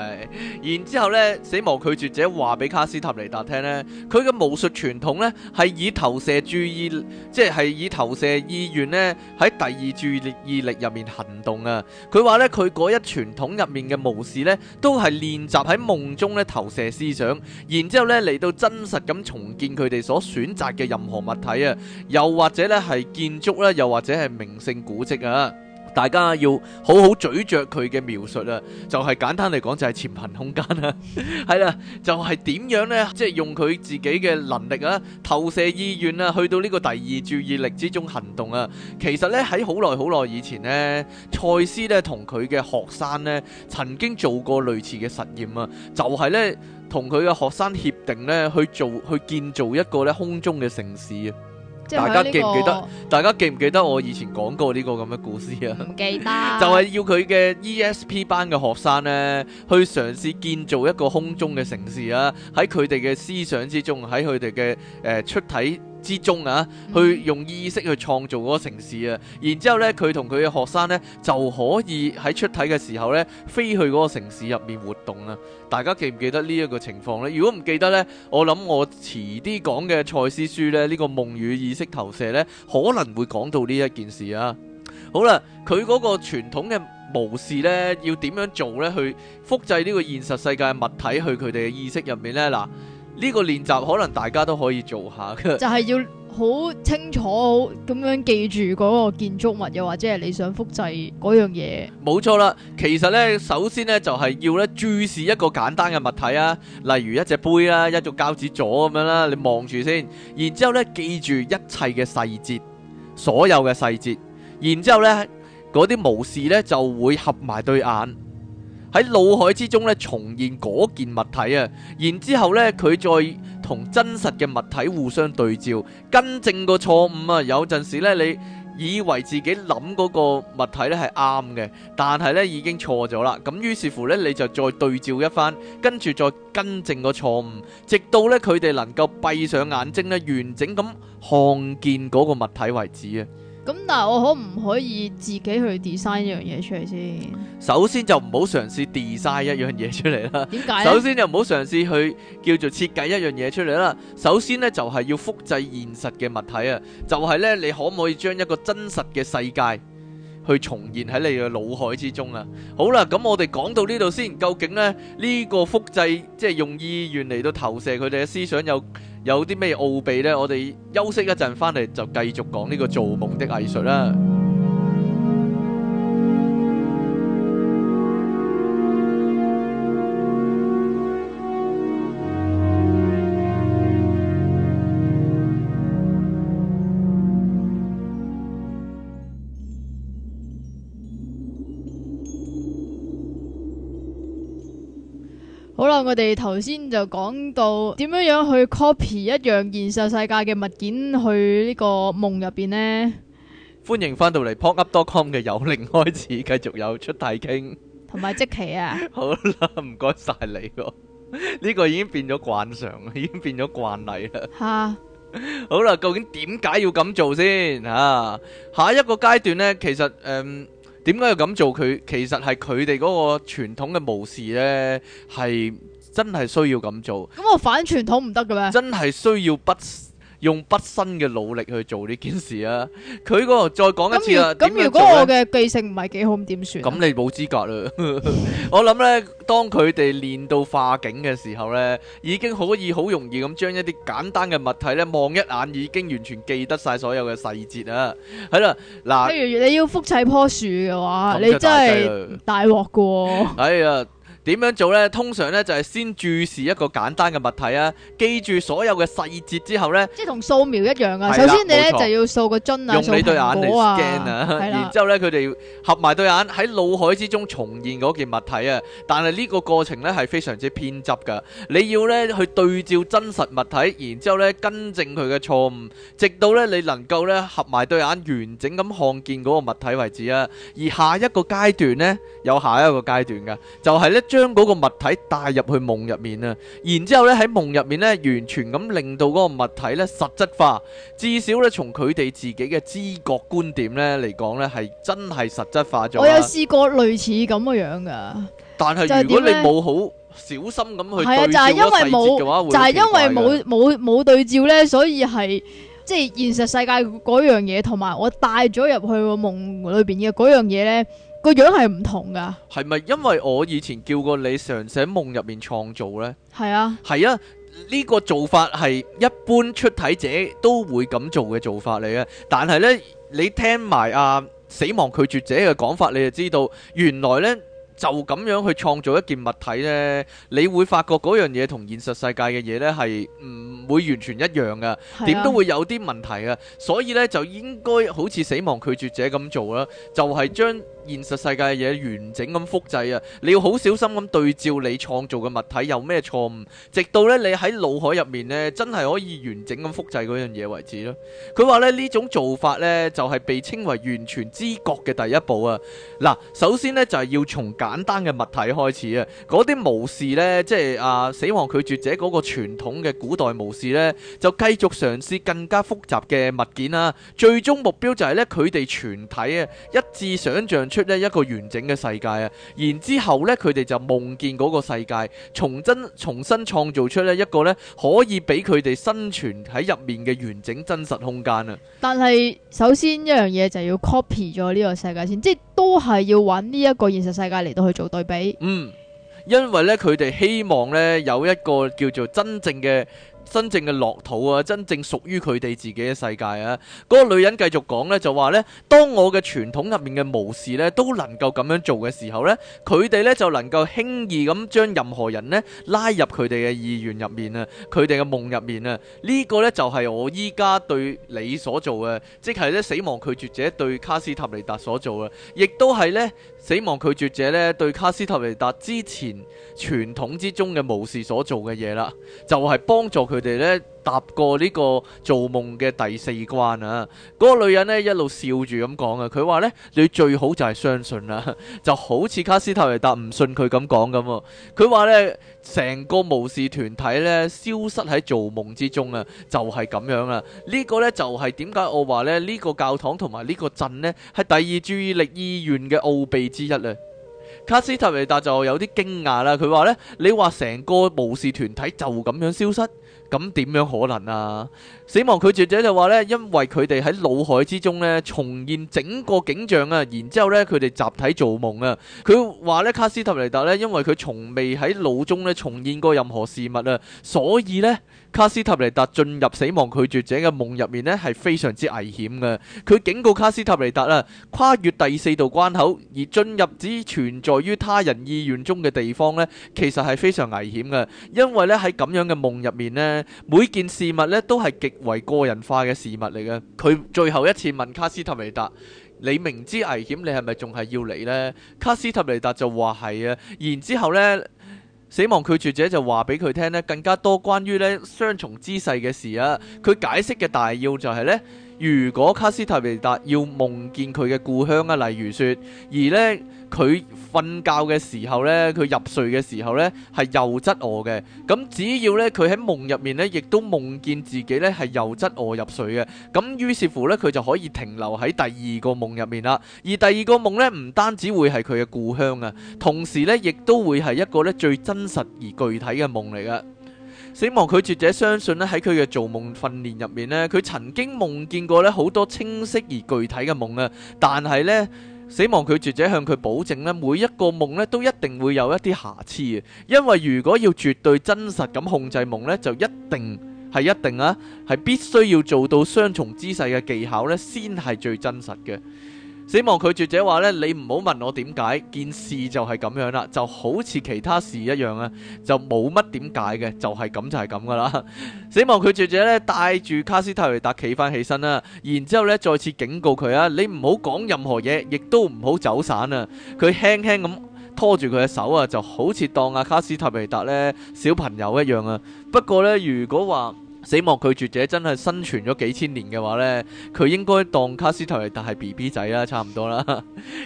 係， 然之後咧，死亡拒絕者話俾卡斯塔尼達聽咧，佢嘅巫術傳統咧係以投射注意，即係係以投射意願咧喺第二注意力入面行動啊。佢話咧，佢嗰一傳統入面嘅巫士咧，都係練習喺夢中咧投射思想，然之後咧嚟到真實咁重建佢哋所選擇嘅任何物體啊。又或者咧係建築咧，又或者係名勝古蹟啊！大家要好好咀嚼佢嘅描述啊，就係、是、簡單嚟講就係潛行空間啊，係 啦，就係、是、點樣呢？即、就、係、是、用佢自己嘅能力啊，投射意願啊，去到呢個第二注意力之中行動啊。其實呢，喺好耐好耐以前呢，賽斯咧同佢嘅學生咧曾經做過類似嘅實驗啊，就係呢，同佢嘅學生協定呢，去做去建造一個咧空中嘅城市。大家記唔記得？嗯、大家記唔記得我以前講過呢個咁嘅故事啊？唔記得，就係要佢嘅 ESP 班嘅學生咧，去嘗試建造一個空中嘅城市啊！喺佢哋嘅思想之中，喺佢哋嘅誒出體，之中啊，去用意識去創造嗰個城市啊，然之後呢，佢同佢嘅學生呢，就可以喺出體嘅時候呢，飛去嗰個城市入面活動啦。大家記唔記得呢一個情況呢？如果唔記得呢，我諗我遲啲講嘅《賽斯書》呢，呢、呢個夢與意識投射呢，可能會講到呢一件事啊。好啦，佢嗰個傳統嘅巫師呢，要點樣做呢？去複製呢個現實世界物體去佢哋嘅意識入面呢。嗱。呢個練習可能大家都可以做下，就係要好清楚好咁樣記住嗰個建築物，又或者係你想複製嗰樣嘢。冇錯啦，其實呢，首先呢，就係要咧注視一個簡單嘅物體啊，例如一隻杯啦，一組膠紙座咁樣啦，你望住先，然之後呢，記住一切嘅細節，所有嘅細節，然之後呢，嗰啲無視呢，就會合埋對眼。喺腦海之中咧重現嗰件物體啊，然之後咧佢再同真實嘅物體互相對照，跟正個錯誤啊。有陣時咧，你以為自己諗嗰個物體咧係啱嘅，但係咧已經錯咗啦。咁於是乎咧，你就再對照一番，跟住再跟正個錯誤，直到咧佢哋能夠閉上眼睛咧完整咁看見嗰個物體為止啊。咁但係我可唔可以自己去 design 一樣嘢出嚟先？首先就唔好嘗試 design 一樣嘢出嚟啦。點解？首先就唔好嘗試去叫做設計一樣嘢出嚟啦。首先呢就係要複製現實嘅物體啊，就係呢，你可唔可以將一個真實嘅世界去重現喺你嘅腦海之中啊？好啦，咁我哋講到呢度先。究竟呢呢個複製即係用意願嚟到投射佢哋嘅思想有？有啲咩奧秘呢？我哋休息一陣，翻嚟就繼續講呢個做夢嘅藝術啦。我哋頭先就講到點樣樣去 copy 一樣現實世界嘅物件去呢個夢入邊呢，歡迎翻到嚟 pocket.com 嘅有靈開始，繼續有出大傾，同埋即期啊！好啦，唔該晒你，呢個已經變咗慣常，已經變咗慣例啦。吓，好啦，究竟點解要咁做先？吓，下一個階段呢，其實誒。點解要咁做？佢其實係佢哋嗰個傳統嘅模式呢，係真係需要咁做。咁我反傳統唔得嘅咩？真係需要不，用畢生嘅努力去做呢件事啊！佢嗰度再講一次啊，咁如果我嘅記性唔係幾好，咁點算？咁你冇資格啦！我諗咧，當佢哋練到化境嘅時候咧，已經可以好容易咁將一啲簡單嘅物體咧望一眼，已經完全記得晒所有嘅細節啊！係啦，嗱，譬如你要復砌棵樹嘅話，你真係大鑊噶！哎呀～點樣做呢？通常呢，就係先注視一個簡單嘅物體啊，記住所有嘅細節之後呢，即係同掃描一樣啊。首先你呢，就要掃個樽啊，用你對眼嚟 scan 啊，然之後咧佢哋合埋對眼喺腦海之中重現嗰件物體啊。但係呢個過程呢，係非常之偏執噶，你要呢，去對照真實物體，然之後咧跟正佢嘅錯誤，直到呢，你能夠呢，合埋對眼完整咁看見嗰個物體為止啊。而下一個階段呢，有下一個階段噶，就係呢。將嗰個物體帶入去夢入面啊，然之後咧喺夢入面咧，完全咁令到嗰個物體咧實質化，至少咧從佢哋自己嘅知覺觀點咧嚟講咧，係真係實質化咗。我有試過類似咁嘅樣噶，但係如果你冇好小心咁去對照嘅話，就係因為冇就係因為冇冇冇對照咧，所以係即係現實世界嗰樣嘢，同埋我帶咗入去夢裏邊嘅嗰樣嘢咧。個樣係唔同㗎，係咪因為我以前叫過你常喺夢入面創造呢？係啊，係啊，呢個做法係一般出體者都會咁做嘅做法嚟嘅。但係呢，你聽埋啊死亡拒絕者嘅講法，你就知道原來呢就咁樣去創造一件物體呢，你會發覺嗰樣嘢同現實世界嘅嘢呢係唔會完全一樣㗎，點都會有啲問題㗎。所以呢就應該好似死亡拒絕者咁做啦，就係將。現實世界嘅嘢完整咁複製啊！你要好小心咁對照你創造嘅物體有咩錯誤，直到咧你喺腦海入面呢，真係可以完整咁複製嗰樣嘢為止咯。佢話咧呢種做法呢，就係被稱為完全知覺嘅第一步啊！嗱，首先呢，就係要從簡單嘅物體開始啊！嗰啲武士呢，即係啊死亡拒絕者嗰個傳統嘅古代武士呢，就繼續嘗試更加複雜嘅物件啦。最終目標就係呢，佢哋全體啊一致想象，出呢一個完整嘅世界啊，然之後呢佢哋就夢見嗰個世界，重真重新創造出呢一個呢可以俾佢哋生存喺入面嘅完整真實空間啊。但係首先一樣嘢就要 copy 咗呢個世界先，即係都係要揾呢一個現實世界嚟到去做對比。嗯，因為呢，佢哋希望呢有一個叫做真正嘅。真正嘅樂土啊，真正屬於佢哋自己嘅世界啊！嗰、那個女人繼續講呢，就話呢：「當我嘅傳統入面嘅巫師呢，都能夠咁樣做嘅時候呢，佢哋呢，就能夠輕易咁將任何人呢，拉入佢哋嘅意願入面啊，佢哋嘅夢入面啊，呢、這個呢，就係、是、我依家對你所做嘅，即係呢死亡拒絕者對卡斯塔尼達所做啊，亦都係呢。死亡拒絕者咧對卡斯特尼達之前傳統之中嘅巫士所做嘅嘢啦，就係幫助佢哋咧。踏過呢個做夢嘅第四關啊！嗰、那個女人呢一路笑住咁講啊，佢話呢，你最好就係相信啦， 就好似卡斯特維達唔信佢咁講咁。佢話呢，成個巫士團體呢消失喺做夢之中啊，就係、是、咁樣啊！呢、這個呢，就係點解我話呢？呢、這個教堂同埋呢個鎮呢，係第二注意力醫院嘅奧秘之一呢。卡斯特維達就有啲驚訝啦，佢話呢，你話成個巫士團體就咁樣消失？咁點樣可能啊？死亡拒絕者就話咧，因為佢哋喺腦海之中咧重現整個景象，啊，然之後咧佢哋集體做夢啊。佢話咧卡斯塔尼達咧，因為佢從未喺腦中咧重現過任何事物啊，所以咧卡斯塔尼達進入死亡拒絕者嘅夢入面咧係非常之危險嘅。佢警告卡斯塔尼達啊，跨越第四道關口而進入只存在於他人意願中嘅地方咧，其實係非常危險嘅，因為咧喺咁樣嘅夢入面咧。每件事物咧都係極為個人化嘅事物嚟嘅。佢最後一次問卡斯特尼達：「你明知危險，你係咪仲係要嚟呢？」卡斯特尼達就話係啊。然之後咧，死亡拒絕者就話俾佢聽咧，更加多關於咧雙重姿勢嘅事啊。佢解釋嘅大要就係、是、咧，如果卡斯特尼達要夢見佢嘅故鄉啊，例如說而呢。佢瞓覺嘅時候呢，佢入睡嘅時候呢，係右側卧嘅。咁只要呢，佢喺夢入面呢，亦都夢見自己呢係右側卧入睡嘅。咁於是乎呢，佢就可以停留喺第二個夢入面啦。而第二個夢呢，唔單止會係佢嘅故鄉啊，同時呢，亦都會係一個呢最真實而具體嘅夢嚟嘅。死亡拒絕者相信呢，喺佢嘅做夢訓練入面呢，佢曾經夢見過呢好多清晰而具體嘅夢啊，但係呢。死亡拒絕者向佢保證呢，每一個夢呢都一定會有一啲瑕疵嘅，因為如果要絕對真實咁控制夢呢，就一定係一定啊，係必須要做到雙重姿勢嘅技巧呢，先係最真實嘅。死亡拒絕者話咧：你唔好問我點解，件事就係咁樣啦，就好似其他事一樣啊，就冇乜點解嘅，就係、是、咁就係咁噶啦。 死亡拒絕者咧帶住卡斯塔維達企翻起身啦，然之後咧再次警告佢啊：你唔好講任何嘢，亦都唔好走散啊！佢輕輕咁拖住佢嘅手啊，就好似當阿卡斯塔維達咧小朋友一樣啊。不過咧，如果話，死亡拒絕者真係生存咗幾千年嘅話呢，佢應該當卡斯特提特係 B B 仔啦，差唔多啦。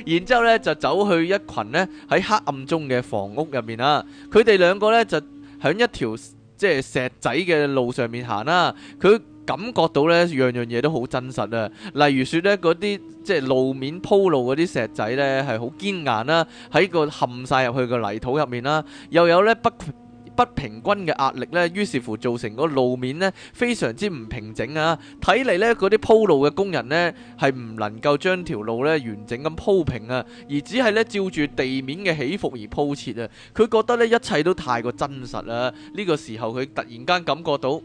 然之後呢，就走去一群呢喺黑暗中嘅房屋入面啦。佢哋兩個呢，就喺一條即係石仔嘅路上面行啦。佢感覺到呢樣樣嘢都好真實啊。例如説呢，嗰啲即係路面鋪路嗰啲石仔呢，係好堅硬啦，喺個冚晒入去嘅泥土入面啦，又有呢，不不平均嘅壓力呢，於是乎造成個路面呢非常之唔平整啊！睇嚟呢，嗰啲鋪路嘅工人呢，係唔能夠將條路呢完整咁鋪平啊，而只係呢照住地面嘅起伏而鋪設啊！佢覺得呢一切都太過真實啦，呢個時候佢突然間感覺到。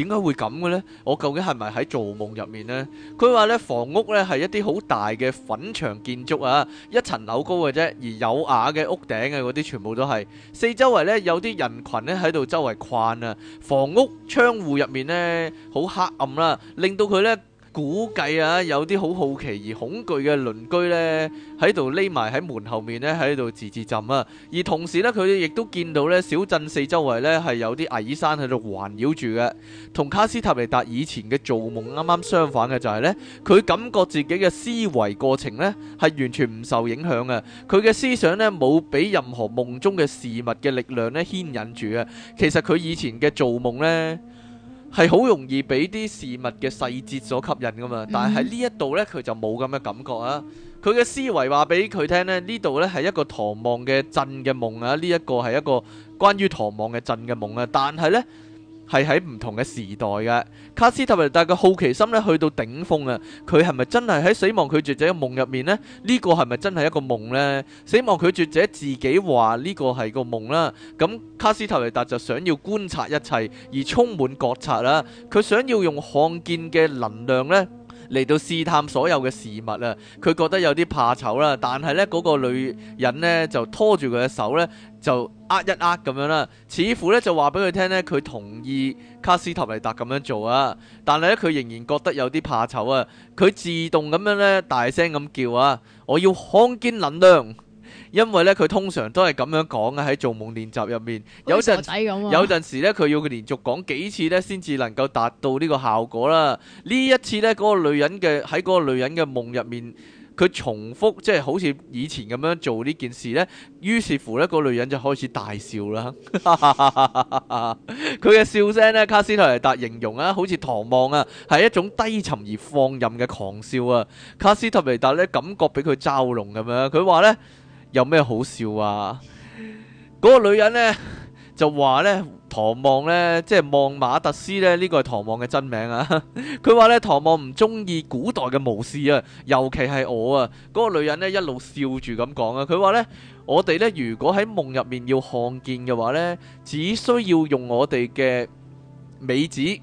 點解會咁嘅呢？我究竟係咪喺做夢入面呢？佢話呢房屋呢係一啲好大嘅粉牆建築啊，一層樓高嘅啫，而有瓦嘅屋頂嘅嗰啲全部都係四周圍呢，有啲人群呢喺度周圍逛啊，房屋窗戶入面呢，好黑暗啦，令到佢呢。估計啊，有啲好好奇而恐懼嘅鄰居咧，喺度匿埋喺門後面咧，喺度自自浸啊。而同時咧，佢亦都見到咧，小鎮四周圍咧係有啲矮山喺度環繞住嘅。同卡斯塔尼達以前嘅造夢啱啱相反嘅就係咧，佢感覺自己嘅思維過程咧係完全唔受影響嘅。佢嘅思想咧冇俾任何夢中嘅事物嘅力量咧牽引住啊。其實佢以前嘅造夢咧。係好容易俾啲事物嘅細節所吸引噶嘛，但係喺呢一度呢，佢就冇咁嘅感覺啊！佢嘅思維話俾佢聽呢，呢度呢，係一個唐望嘅鎮嘅夢啊，呢一個係一個關於唐望嘅鎮嘅夢啊，但係呢。係喺唔同嘅時代嘅卡斯特利達嘅好奇心咧，去到頂峰啊！佢係咪真係喺死亡拒絕者嘅夢入面呢？呢個係咪真係一個夢呢？死亡拒絕者自己話呢個係個夢啦。咁卡斯特利達就想要觀察一切，而充滿覺察啦。佢想要用看見嘅能量呢。嚟到試探所有嘅事物啊，佢覺得有啲怕醜啦。但係呢嗰個女人呢，就拖住佢嘅手呢，就呃一呃咁樣啦，似乎呢，就話俾佢聽呢，佢同意卡斯塔尼達咁樣做啊。但係呢，佢仍然覺得有啲怕醜啊。佢自動咁樣呢，大聲咁叫啊！我要看見能量。因為咧，佢通常都係咁樣講嘅，喺做夢練習入面，啊、有陣有陣時咧，佢要連續講幾次咧，先至能夠達到呢個效果啦。呢一次咧，嗰個女人嘅喺嗰個女人嘅夢入面，佢重複即係、就是、好似以前咁樣做呢件事咧。於是乎咧，個女人就開始大笑啦。佢 嘅， 笑聲咧，卡斯特尼達形容啊，好似唐望啊，係一種低沉而放任嘅狂笑啊。卡斯特尼達咧，感覺俾佢嘲弄咁樣，佢話咧。有咩好笑啊？嗰、那個女人呢，就話呢，唐望呢，即係望馬特斯呢，呢個係唐望嘅真名啊。佢 話呢，唐望唔中意古代嘅巫師啊，尤其係我啊。嗰、那個女人呢，一路笑住咁講啊。佢話呢，我哋呢，如果喺夢入面要看見嘅話呢，只需要用我哋嘅尾指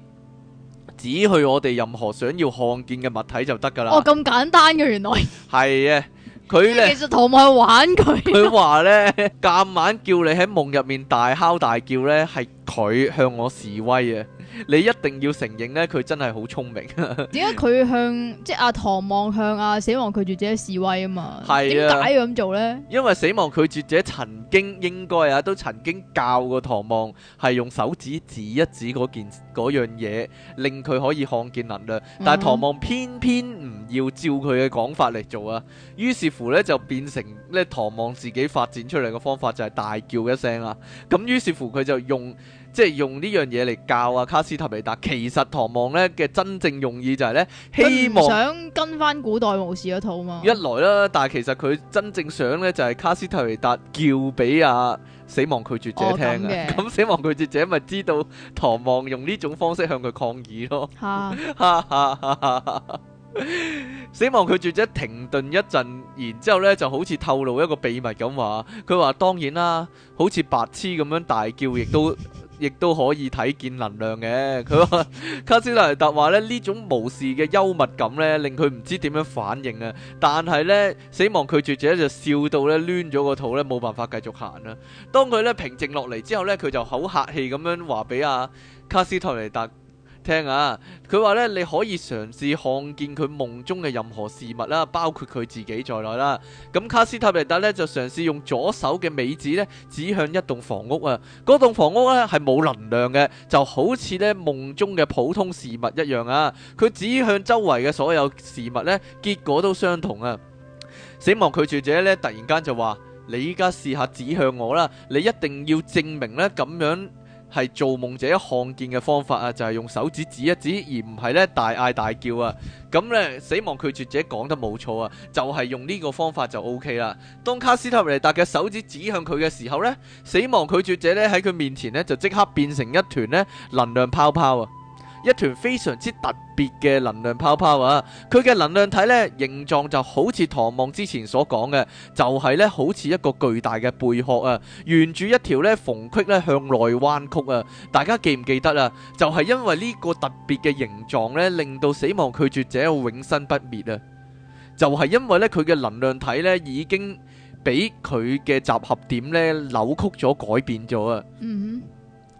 指去我哋任何想要看見嘅物體就得噶啦。哦，咁簡單嘅，原來係啊。的 佢咧，其實同埋玩具。佢話咧，今晚叫你喺夢入面大喊大叫咧，係。佢向我示威啊！ 你一定要承認咧，佢真係好聰明。 點解佢向即係阿唐望向阿、啊、死亡拒絕者示威嘛啊？嘛係點解要咁做咧？因為死亡拒絕者曾經應該啊，都曾經教過唐望係用手指指一指嗰件嗰樣嘢，令佢可以看見能量。但係唐望偏偏唔要照佢嘅講法嚟做啊，嗯、於是乎咧就變成咧唐望自己發展出嚟嘅方法就係大叫一聲啦、啊。咁於是乎佢就用。即係用呢樣嘢嚟教啊卡斯特維達，其實唐望呢嘅真正用意就係呢，希望想跟翻古代巫士嗰套嘛，一來啦，但係其實佢真正想呢，就係、是、卡斯特維達叫俾啊死亡拒絕者聽嘅、啊，咁死亡拒絕者咪知道唐望用呢種方式向佢抗議咯，死亡拒絕者， 拒絕者停頓一陣，然之後咧就好似透露一個秘密咁話，佢話當然啦，好似白痴咁樣大叫，亦都。 亦都可以睇見能量嘅，佢話卡斯塔尼達話咧呢種無視嘅幽默感咧，令佢唔知點樣反應啊！但係咧死亡拒絕者就笑到咧攣咗個肚咧，冇辦法繼續行啦。當佢咧平靜落嚟之後咧，佢就好客氣咁樣話俾阿卡斯塔尼達。聽啊，佢話咧，你可以嘗試看見佢夢中嘅任何事物啦，包括佢自己在內啦。咁卡斯塔尼達咧就嘗試用左手嘅尾指咧指向一棟房屋啊，嗰棟房屋咧係冇能量嘅，就好似咧夢中嘅普通事物一樣啊。佢指向周圍嘅所有事物咧，結果都相同啊。死亡拒絕者咧突然間就話：你依家試下指向我啦，你一定要證明咧咁樣。係做夢者看見嘅方法啊，就係用手指指一指，而唔係咧大嗌大叫啊。咁咧死亡拒絕者講得冇錯啊，就係用呢個方法就 O K 啦。當卡斯塔尼達嘅手指指向佢嘅時候咧，死亡拒絕者咧喺佢面前咧就即刻變成一團咧能量泡泡啊！一團非常之特別嘅能量泡泡啊！佢嘅能量體咧形狀就好似唐望之前所講嘅，就係咧好似一個巨大嘅貝殼啊，沿住一條咧縫隙咧向內彎曲啊！大家記唔記得啊？就係因為呢個特別嘅形狀咧，令到死亡拒絕者永生不滅啊！就係因為咧佢嘅能量體咧已經俾佢嘅集合點咧扭曲咗、改變咗啊！嗯。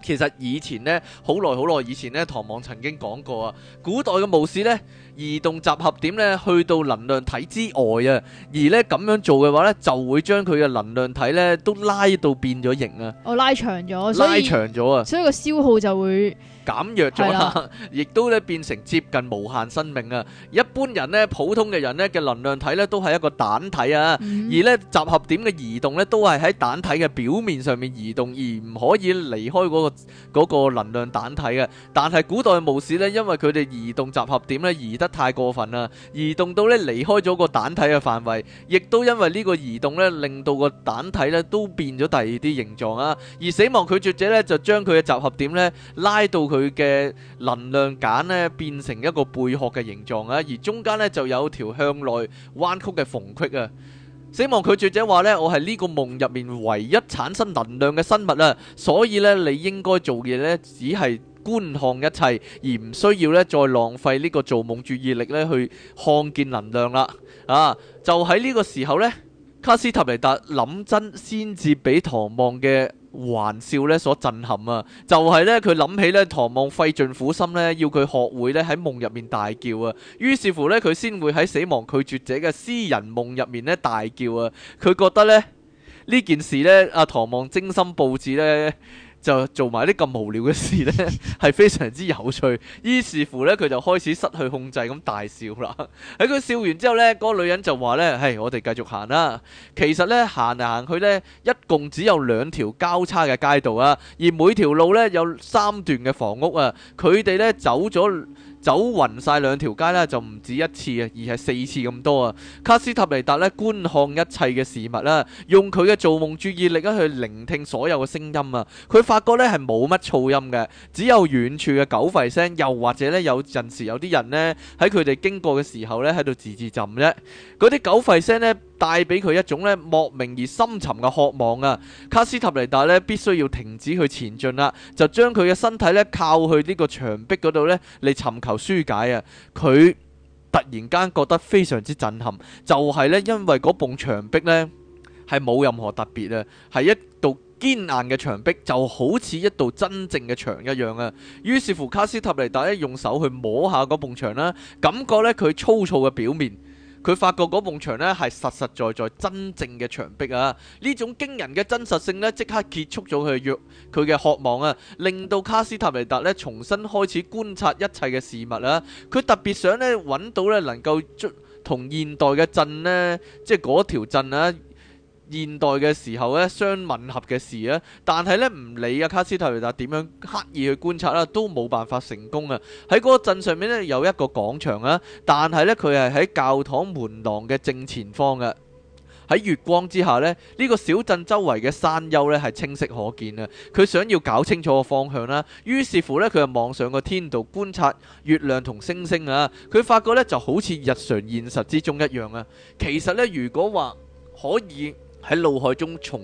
其實以前咧，好耐好耐以前咧，唐望曾經講過啊，古代嘅巫師咧，移動集合點咧去到能量體之外啊，而咧咁樣做嘅話咧，就會將佢嘅能量體咧都拉到變咗形啊，哦，拉長咗，拉長咗啊，所以個消耗就會減弱咗，亦都咧變成接近無限生命啊。一般人咧，普通嘅人咧嘅能量體咧都係一個蛋體啊，而咧集合點嘅移動咧都係喺蛋體嘅表面上面移動，而唔可以離開嗰個嗰個能量蛋體啊。但係古代巫師咧，因為佢哋移動集合點咧移得。太過分啦！移動到咧離開咗個蛋體嘅範圍，亦都因為呢個移動咧，令到個蛋體咧都變咗第二啲形狀啊！而死亡拒絕者咧就將佢嘅集合點咧拉到佢嘅能量繭咧，變成一個貝殼嘅形狀啊！而中間咧就有條向內彎曲嘅縫隙啊！死亡拒絕者話咧：我係呢個夢入面唯一產生能量嘅生物啦，所以咧你應該做嘅嘢咧只係。觀看一切，而唔需要咧再浪費呢個做夢注意力咧去看見能量啦。啊，就喺呢個時候呢，卡斯塔尼達諗真先至俾唐望嘅玩笑咧所震撼啊！就係呢，佢諗起呢，唐望費盡苦心呢，要佢學會咧喺夢入面大叫啊，於是乎呢，佢先會喺死亡拒絕者嘅私人夢入面呢，大叫啊。佢覺得呢，呢件事呢，阿、啊、唐望精心佈置呢。就做埋啲咁無聊嘅事呢，係 非常之有趣。於是乎呢，佢就開始失去控制咁大笑啦。喺 佢笑完之後呢，嗰個女人就話呢，係我哋繼續行啦。其實呢，行嚟行去呢，一共只有兩條交叉嘅街道啊。而每條路呢，有三段嘅房屋啊。佢哋呢，走咗。走暈晒兩條街呢，就唔止一次啊，而係四次咁多啊！卡斯塔尼達呢，觀看一切嘅事物啦，用佢嘅造夢注意力咧去聆聽所有嘅聲音啊！佢發覺呢係冇乜噪音嘅，只有遠處嘅狗吠聲，又或者呢，有陣時有啲人呢，喺佢哋經過嘅時候呢，喺度吱吱浸啫，嗰啲狗吠聲呢。帶俾佢一種咧莫名而深沉嘅渴望啊！卡斯塔尼達咧必須要停止去前進啦，就將佢嘅身體咧靠去呢個牆壁嗰度咧嚟尋求舒解啊！佢突然間覺得非常之震撼，就係咧因為嗰埲牆壁呢係冇任何特別啊，係一道堅硬嘅牆壁，就好似一道真正嘅牆一樣啊！於是乎卡斯塔尼達咧用手去摸下嗰埲牆啦，感覺呢佢粗糙嘅表面。佢發覺嗰埲牆呢係實實在在真正嘅牆壁啊！呢種驚人嘅真實性呢，即刻結束咗佢約佢嘅渴望啊！令到卡斯塔尼達呢重新開始觀察一切嘅事物啊。佢特別想呢揾到呢能夠同現代嘅鎮呢，即係嗰條鎮啊！現代嘅時候咧，相吻合嘅事咧，但係咧唔理啊卡斯特雷達點樣刻意去觀察啦，都冇辦法成功啊！喺嗰個鎮上面咧有一個廣場啊，但係咧佢係喺教堂門廊嘅正前方嘅。喺月光之下咧，呢個小鎮周圍嘅山丘咧係清晰可見啊！佢想要搞清楚個方向啦，於是乎咧佢就望上個天度觀察月亮同星星啊！佢發覺咧就好似日常現實之中一樣啊！其實咧如果話可以。喺腦海中重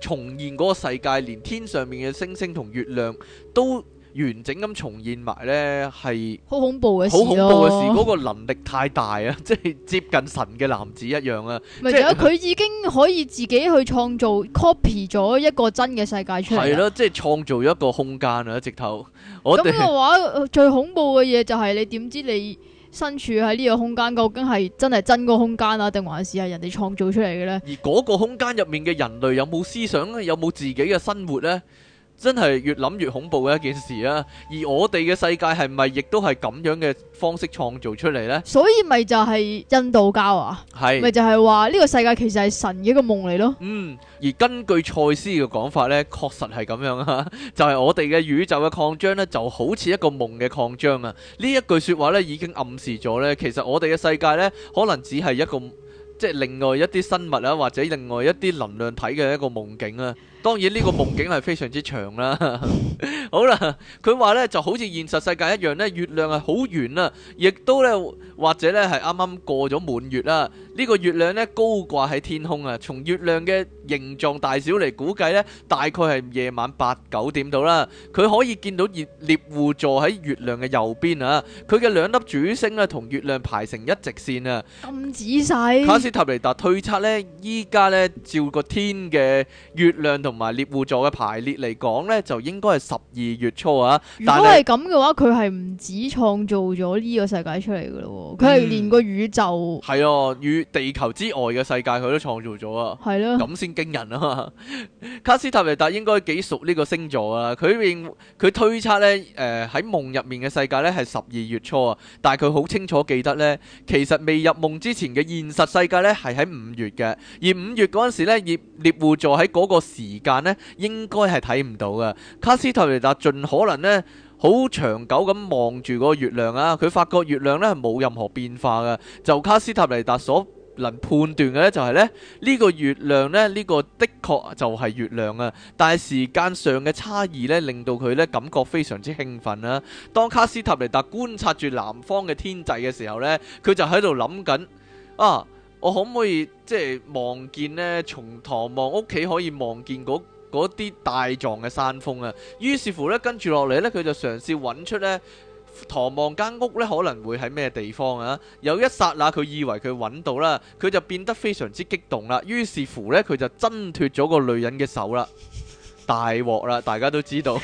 重現嗰個世界，連天上面嘅星星同月亮都完整咁重現埋呢，係好恐怖嘅事，好恐怖嘅事，嗰 個能力太大啊，即係接近神嘅男子一樣啊！咪就係佢已經可以自己去創造 copy 咗一個真嘅世界出嚟，係咯，即係創造一個空間啊！一直頭，咁嘅話 最恐怖嘅嘢就係你點知你？身處喺呢個空間究竟係真係真個空間啊，定還是係人哋創造出嚟嘅呢？而嗰個空間入面嘅人類有冇思想咧？有冇自己嘅生活呢？真係越諗越恐怖嘅一件事啊！而我哋嘅世界係咪亦都係咁樣嘅方式創造出嚟呢？所以咪就係印度教啊？係咪就係話呢個世界其實係神嘅一個夢嚟咯？嗯，而根據塞斯嘅講法呢，確實係咁樣啊，就係我哋嘅宇宙嘅擴張呢，就好似一個夢嘅擴張啊！呢一句說話呢，已經暗示咗呢，其實我哋嘅世界呢，可能只係一個即係另外一啲生物啊，或者另外一啲能量體嘅一個夢境啊。當然呢個夢境係非常之長啦。好啦，佢話咧就好似現實世界一樣咧，月亮係好圓啊，亦都咧或者咧係啱啱過咗滿月啦。呢個月亮咧高掛喺天空啊，從月亮嘅形狀大小嚟估計咧，大概係夜晚八九點度啦。佢可以見到獵獵戶座喺月亮嘅右邊啊，佢嘅兩粒主星咧同月亮排成一直線啊。咁仔細，卡斯塔尼達推測咧，依家咧照個天嘅月亮。同埋獵戶座嘅排列嚟講咧，就應該係十二月初啊！但如果係咁嘅話，佢係唔止創造咗呢個世界出嚟嘅咯，佢係、嗯、連個宇宙係啊，與地球之外嘅世界佢都創造咗啊！係咯，咁先驚人啊！卡斯塔尼達應該幾熟呢個星座啊！佢認佢推測咧，誒、呃，喺夢入面嘅世界咧係十二月初啊，但係佢好清楚記得咧，其實未入夢之前嘅現實世界咧係喺五月嘅，而五月嗰陣時咧，以獵戶座喺嗰個時。時間呢，應該係睇唔到噶卡斯塔尼達盡可能呢好長久咁望住個月亮啊！佢發覺月亮呢係冇任何變化噶就卡斯塔尼達所能判斷嘅呢，就係呢：呢個月亮呢，呢個的確就係月亮啊！但係時間上嘅差異呢，令到佢呢感覺非常之興奮啊。當卡斯塔尼達觀察住南方嘅天際嘅時候呢，佢就喺度諗緊啊。我可唔可以即係望見呢？從唐望屋企可以望見嗰啲大壯嘅山峰啊！於是乎呢，跟住落嚟呢，佢就嘗試揾出呢，唐望間屋呢可能會喺咩地方啊？有一剎那佢以為佢揾到啦，佢就變得非常之激動啦。於是乎呢，佢就掙脫咗個女人嘅手啦。大鑊啦！大家都知道，啊、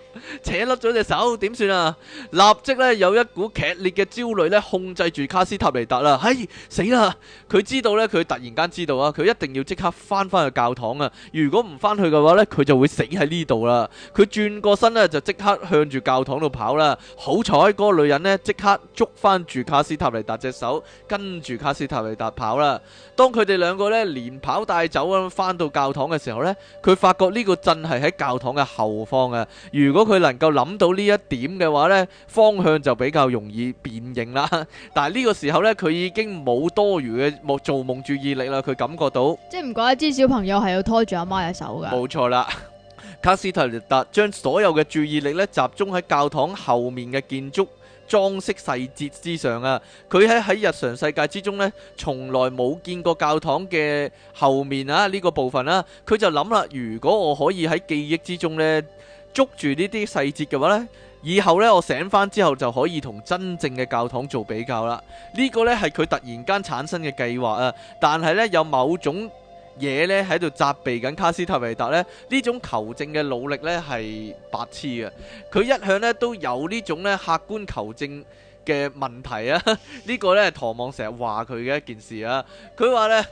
扯甩咗隻手點算啊？立即咧有一股劇烈嘅焦慮咧控制住卡斯塔尼達啦，唉、哎、死啦！佢知道咧，佢突然間知道啊，佢一定要即刻翻翻去教堂啊！如果唔翻去嘅話咧，佢就會死喺呢度啦！佢轉過身咧就即刻向住教堂度跑啦。好彩個女人咧即刻捉翻住卡斯塔尼達隻手，跟住卡斯塔尼達跑啦。當佢哋兩個咧連跑帶走咁翻到教堂嘅時候咧，佢發覺呢、這個。個陣係喺教堂嘅後方啊！如果佢能夠諗到呢一點嘅話咧，方向就比較容易辨認啦。但係呢個時候咧，佢已經冇多餘嘅夢做夢注意力啦。佢感覺到，即係唔怪之小朋友係要拖住阿媽嘅手噶。冇錯啦，卡斯特列達將所有嘅注意力咧集中喺教堂後面嘅建築。裝飾細節之上啊，佢喺喺日常世界之中呢，從來冇見過教堂嘅後面啊呢個部分啦，佢就諗啦，如果我可以喺記憶之中呢，捉住呢啲細節嘅話呢，以後呢，我醒返之後就可以同真正嘅教堂做比較啦。呢個呢，係佢突然間產生嘅計劃啊，但係呢，有某種嘢咧喺度責備緊卡斯特維達咧，呢種求證嘅努力呢係白痴嘅。佢一向呢都有種呢種咧客觀求證嘅問題啊， 個呢個咧唐望成日話佢嘅一件事啊，佢話呢。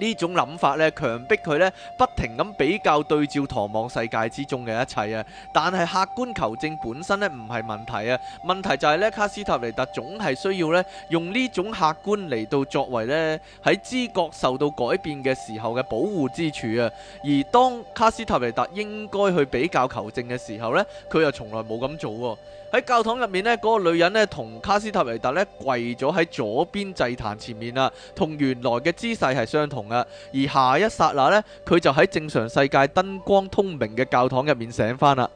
呢種諗法咧，強迫佢咧不停咁比較對照唐望世界之中嘅一切啊！但係客觀求證本身咧唔係問題啊，問題就係咧卡斯塔尼特總係需要咧用呢種客觀嚟到作為咧喺知覺受到改變嘅時候嘅保護之處啊！而當卡斯塔尼特應該去比較求證嘅時候咧，佢又從來冇咁做。喺教堂入面咧，嗰個女人咧同卡斯塔尼特咧跪咗喺左邊祭壇前面啦，同原來嘅姿勢係相同。而下一剎那呢佢就喺正常世界燈光通明嘅教堂入面醒翻啦。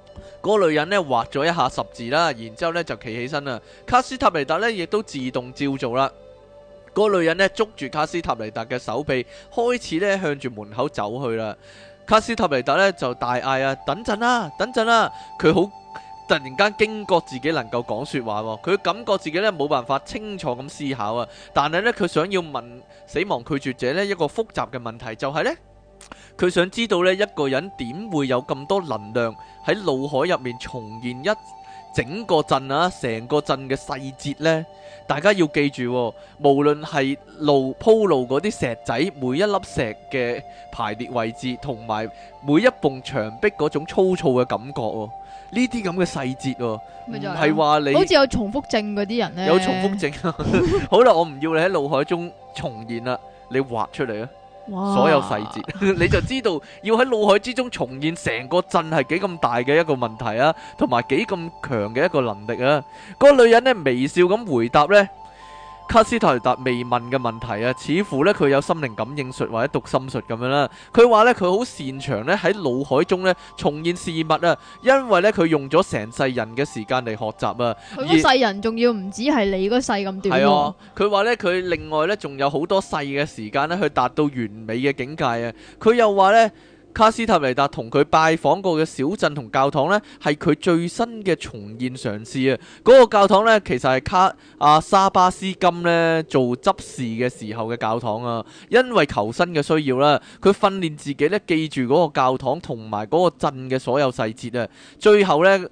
嗰個女人呢畫咗一下十字啦，然之後呢就企起身啦。卡斯塔尼達呢亦都自動照做啦。嗰個女人呢捉住卡斯塔尼達嘅手臂，開始呢向住門口走去啦。卡斯塔尼達呢就大嗌啊，等陣啦，等陣啦！佢好。突然間驚覺自己能夠講說話，佢感覺自己咧冇辦法清楚咁思考啊！但係咧佢想要問死亡拒絕者咧一個複雜嘅問題，就係咧佢想知道咧一個人點會有咁多能量喺腦海入面重現一整個鎮啊，成個鎮嘅細節咧？大家要記住，無論係路鋪路嗰啲石仔，每一粒石嘅排列位置，同埋每一埲牆壁嗰種粗糙嘅感覺哦。呢啲咁嘅細節喎，唔係話你好似有重複症嗰啲人呢？有重複症、啊、 好啦，我唔要你喺腦海中重現啦，你畫出嚟啊，哇所有細節 你就知道要喺腦海之中重現成個陣係幾咁大嘅一個問題啊，同埋幾咁強嘅一個能力啊！那個女人咧微笑咁回答呢。卡斯台達未問嘅問題啊，似乎呢佢有心靈感應術或者讀心術咁樣啦。佢話呢，佢好擅長呢喺腦海中呢重現事物啊，因為呢，佢用咗成世人嘅時間嚟學習啊。佢個世人仲要唔止係你個世咁短咯。佢話呢，佢、哦、另外呢，仲有好多世嘅時間呢去達到完美嘅境界啊。佢又話呢。卡斯塔尼達同佢拜訪過嘅小鎮同教堂呢，係佢最新嘅重現嘗試啊！嗰個教堂呢，其實係卡阿沙巴斯金呢做執事嘅時候嘅教堂啊！因為求生嘅需要咧，佢訓練自己呢，記住嗰個教堂同埋嗰個鎮嘅所有細節啊！最後呢。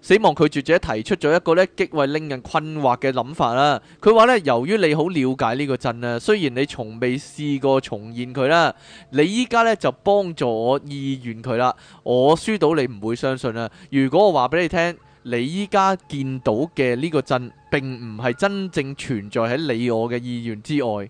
死亡拒絕者提出咗一個呢極為令人困惑嘅諗法啦。佢話呢，由於你好了解呢個陣啦，雖然你從未試過重現佢啦，你依家呢就幫助我意願佢啦。我輸到你唔會相信啊！如果我話俾你聽，你依家見到嘅呢個陣並唔係真正存在喺你我嘅意願之外。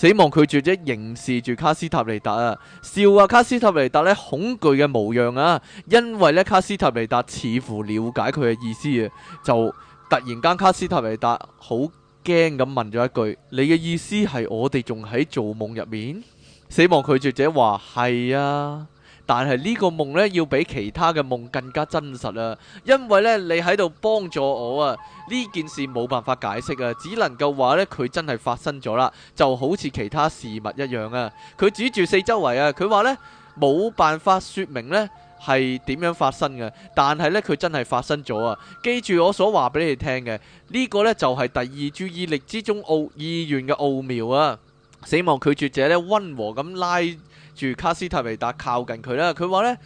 死亡拒絕者凝視住卡斯塔尼達啊，笑話卡斯塔尼達咧，恐懼嘅模樣啊，因為呢，卡斯塔尼達似乎了解佢嘅意思啊，就突然間卡斯塔尼達好驚咁問咗一句：你嘅意思係我哋仲喺做夢入面？死亡拒絕者話：係啊。但係呢個夢呢，要比其他嘅夢更加真實啊！因為呢，你喺度幫助我啊，呢件事冇辦法解釋啊，只能夠話呢，佢真係發生咗啦，就好似其他事物一樣啊！佢指住四周圍啊，佢話呢，冇辦法說明呢係點樣發生嘅，但係呢，佢真係發生咗啊！記住我所話俾你聽嘅呢個呢，就係第二注意力之中奧意願嘅奧妙啊！死亡拒絕者呢溫和咁拉。住卡斯泰維達靠近佢啦，佢話呢，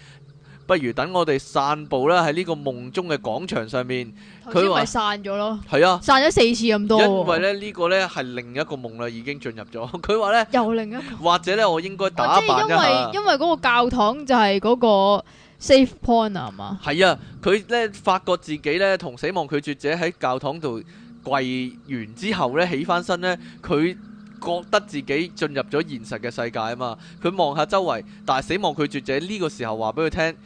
不如等我哋散步啦，喺呢個夢中嘅廣場上面。頭先咪散咗咯，係啊，散咗四次咁多、哦。因為呢呢個呢係另一個夢啦，已經進入咗。佢 話呢，又另一個，或者呢，我應該打扮一下、啊、即係因為因為嗰個教堂就係嗰個 safe point 啊嘛。係啊，佢呢發覺自己呢同死亡拒絕者喺教堂度跪完之後呢起翻身呢。佢。覺得自己進入咗現實嘅世界啊嘛，佢望下周圍，但係死亡拒絕者呢個時候話俾佢聽：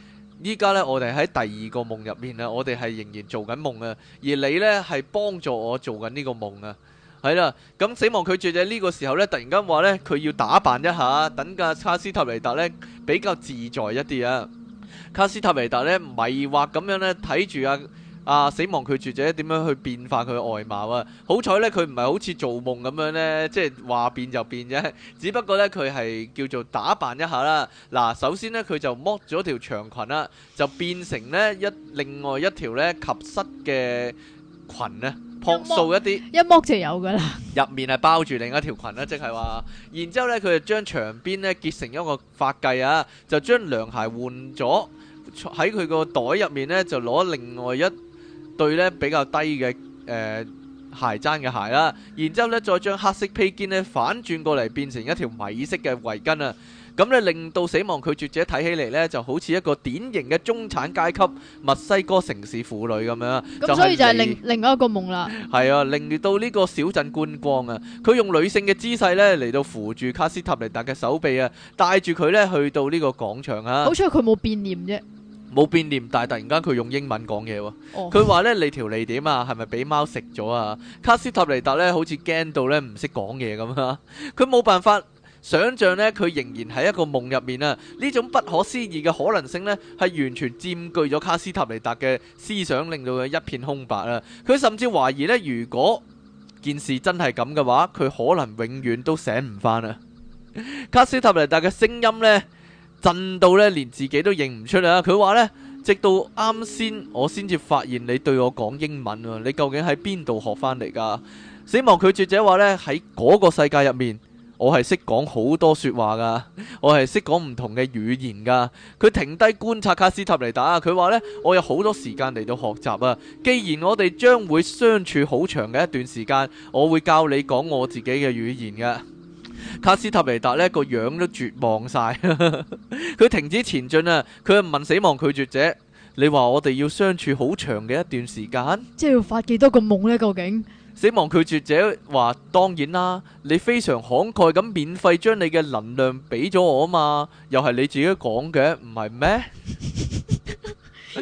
依家呢，我哋喺第二個夢入面啊，我哋係仍然做緊夢啊，而你呢係幫助我做緊呢個夢啊，係啦，咁死亡拒絕者呢個時候呢，突然間話呢，「佢要打扮一下，等個卡斯塔尼達呢比較自在一啲啊，卡斯塔尼達呢，迷惑咁樣呢，睇住啊。啊！死亡拒絕者點樣去變化佢外貌啊？好彩咧，佢唔係好似做夢咁樣咧，即係話變就變啫。只不過咧，佢係叫做打扮一下啦。嗱，首先咧，佢就剝咗條長裙啦，就變成咧一另外一條咧及膝嘅裙咧，樸素一啲。一剝就有噶啦。入面係包住另一條裙啦，即係話，然之後咧，佢就將長辮咧結成一個髮髻啊，就將涼鞋換咗喺佢個袋入面咧，就攞另外一。對咧，比較低嘅誒、呃、鞋踭嘅鞋啦，然之後咧，再將黑色披肩呢，反轉過嚟，變成一條米色嘅圍巾啊！咁咧令到死亡拒絕者睇起嚟呢，就好似一個典型嘅中產階級墨西哥城市婦女咁樣。咁所以就係另，另一個夢啦。係啊，令到呢個小鎮觀光啊！佢用女性嘅姿勢呢，嚟到扶住卡斯塔尼達嘅手臂啊，帶住佢呢，去到個呢個廣場啊！好彩佢冇變臉啫。冇變臉，但係突然間佢用英文講嘢喎。佢話、oh. 呢：「你條脷點啊？係咪俾貓食咗啊？」卡斯塔尼達呢好似驚到呢唔識講嘢咁啊！佢 冇辦法想像呢，佢仍然喺一個夢入面啊！呢種不可思議嘅可能性呢，係完全佔據咗卡斯塔尼達嘅思想，令到佢一片空白啊！佢 甚至懷疑呢，如果件事真係咁嘅話，佢可能永遠都醒唔翻啊！ 卡斯塔尼達嘅聲音呢。震到咧，連自己都認唔出啦！佢話呢，直到啱先，我先至發現你對我講英文啊。你究竟喺邊度學翻嚟㗎？死亡拒絕者話呢，喺嗰個世界入面，我係識講好多説話噶，我係識講唔同嘅語言噶。佢停低觀察卡斯塔尼達，佢話呢，我有好多時間嚟到學習啊。既然我哋將會相處好長嘅一段時間，我會教你講我自己嘅語言嘅。卡斯塔尼達呢個樣都絕望晒，佢停止前進啊！佢問死亡拒絕者：你話我哋要相處好長嘅一段時間，即係要發幾多個夢呢？究竟？死亡拒絕者話：當然啦，你非常慷慨咁免費將你嘅能量俾咗我啊嘛，又係你自己講嘅，唔係咩？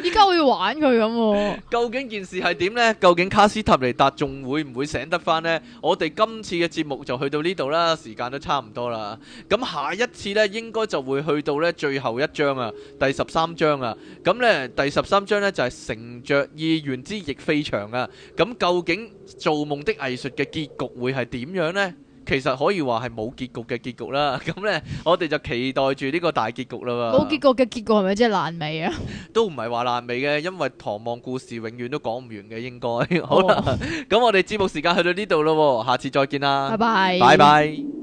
依家我要玩佢咁，究竟件事係點呢？究竟卡斯塔尼達仲會唔會醒得翻呢？我哋今次嘅節目就去到呢度啦，時間都差唔多啦。咁下一次呢，應該就會去到呢最後一章啊，第十三章啊。咁呢，第十三章呢，就係乘着意願之翼飛翔啊。咁究竟做夢的藝術嘅結局會係點樣呢？其實可以話係冇結局嘅結局啦，咁呢，我哋就期待住呢個大結局啦。冇結局嘅結局係咪真係爛尾啊？ 都唔係話爛尾嘅，因為唐望故事永遠都講唔完嘅，應該 好啦。咁、oh. 我哋節目時間去到呢度咯，下次再見啦，拜拜 bye，拜拜。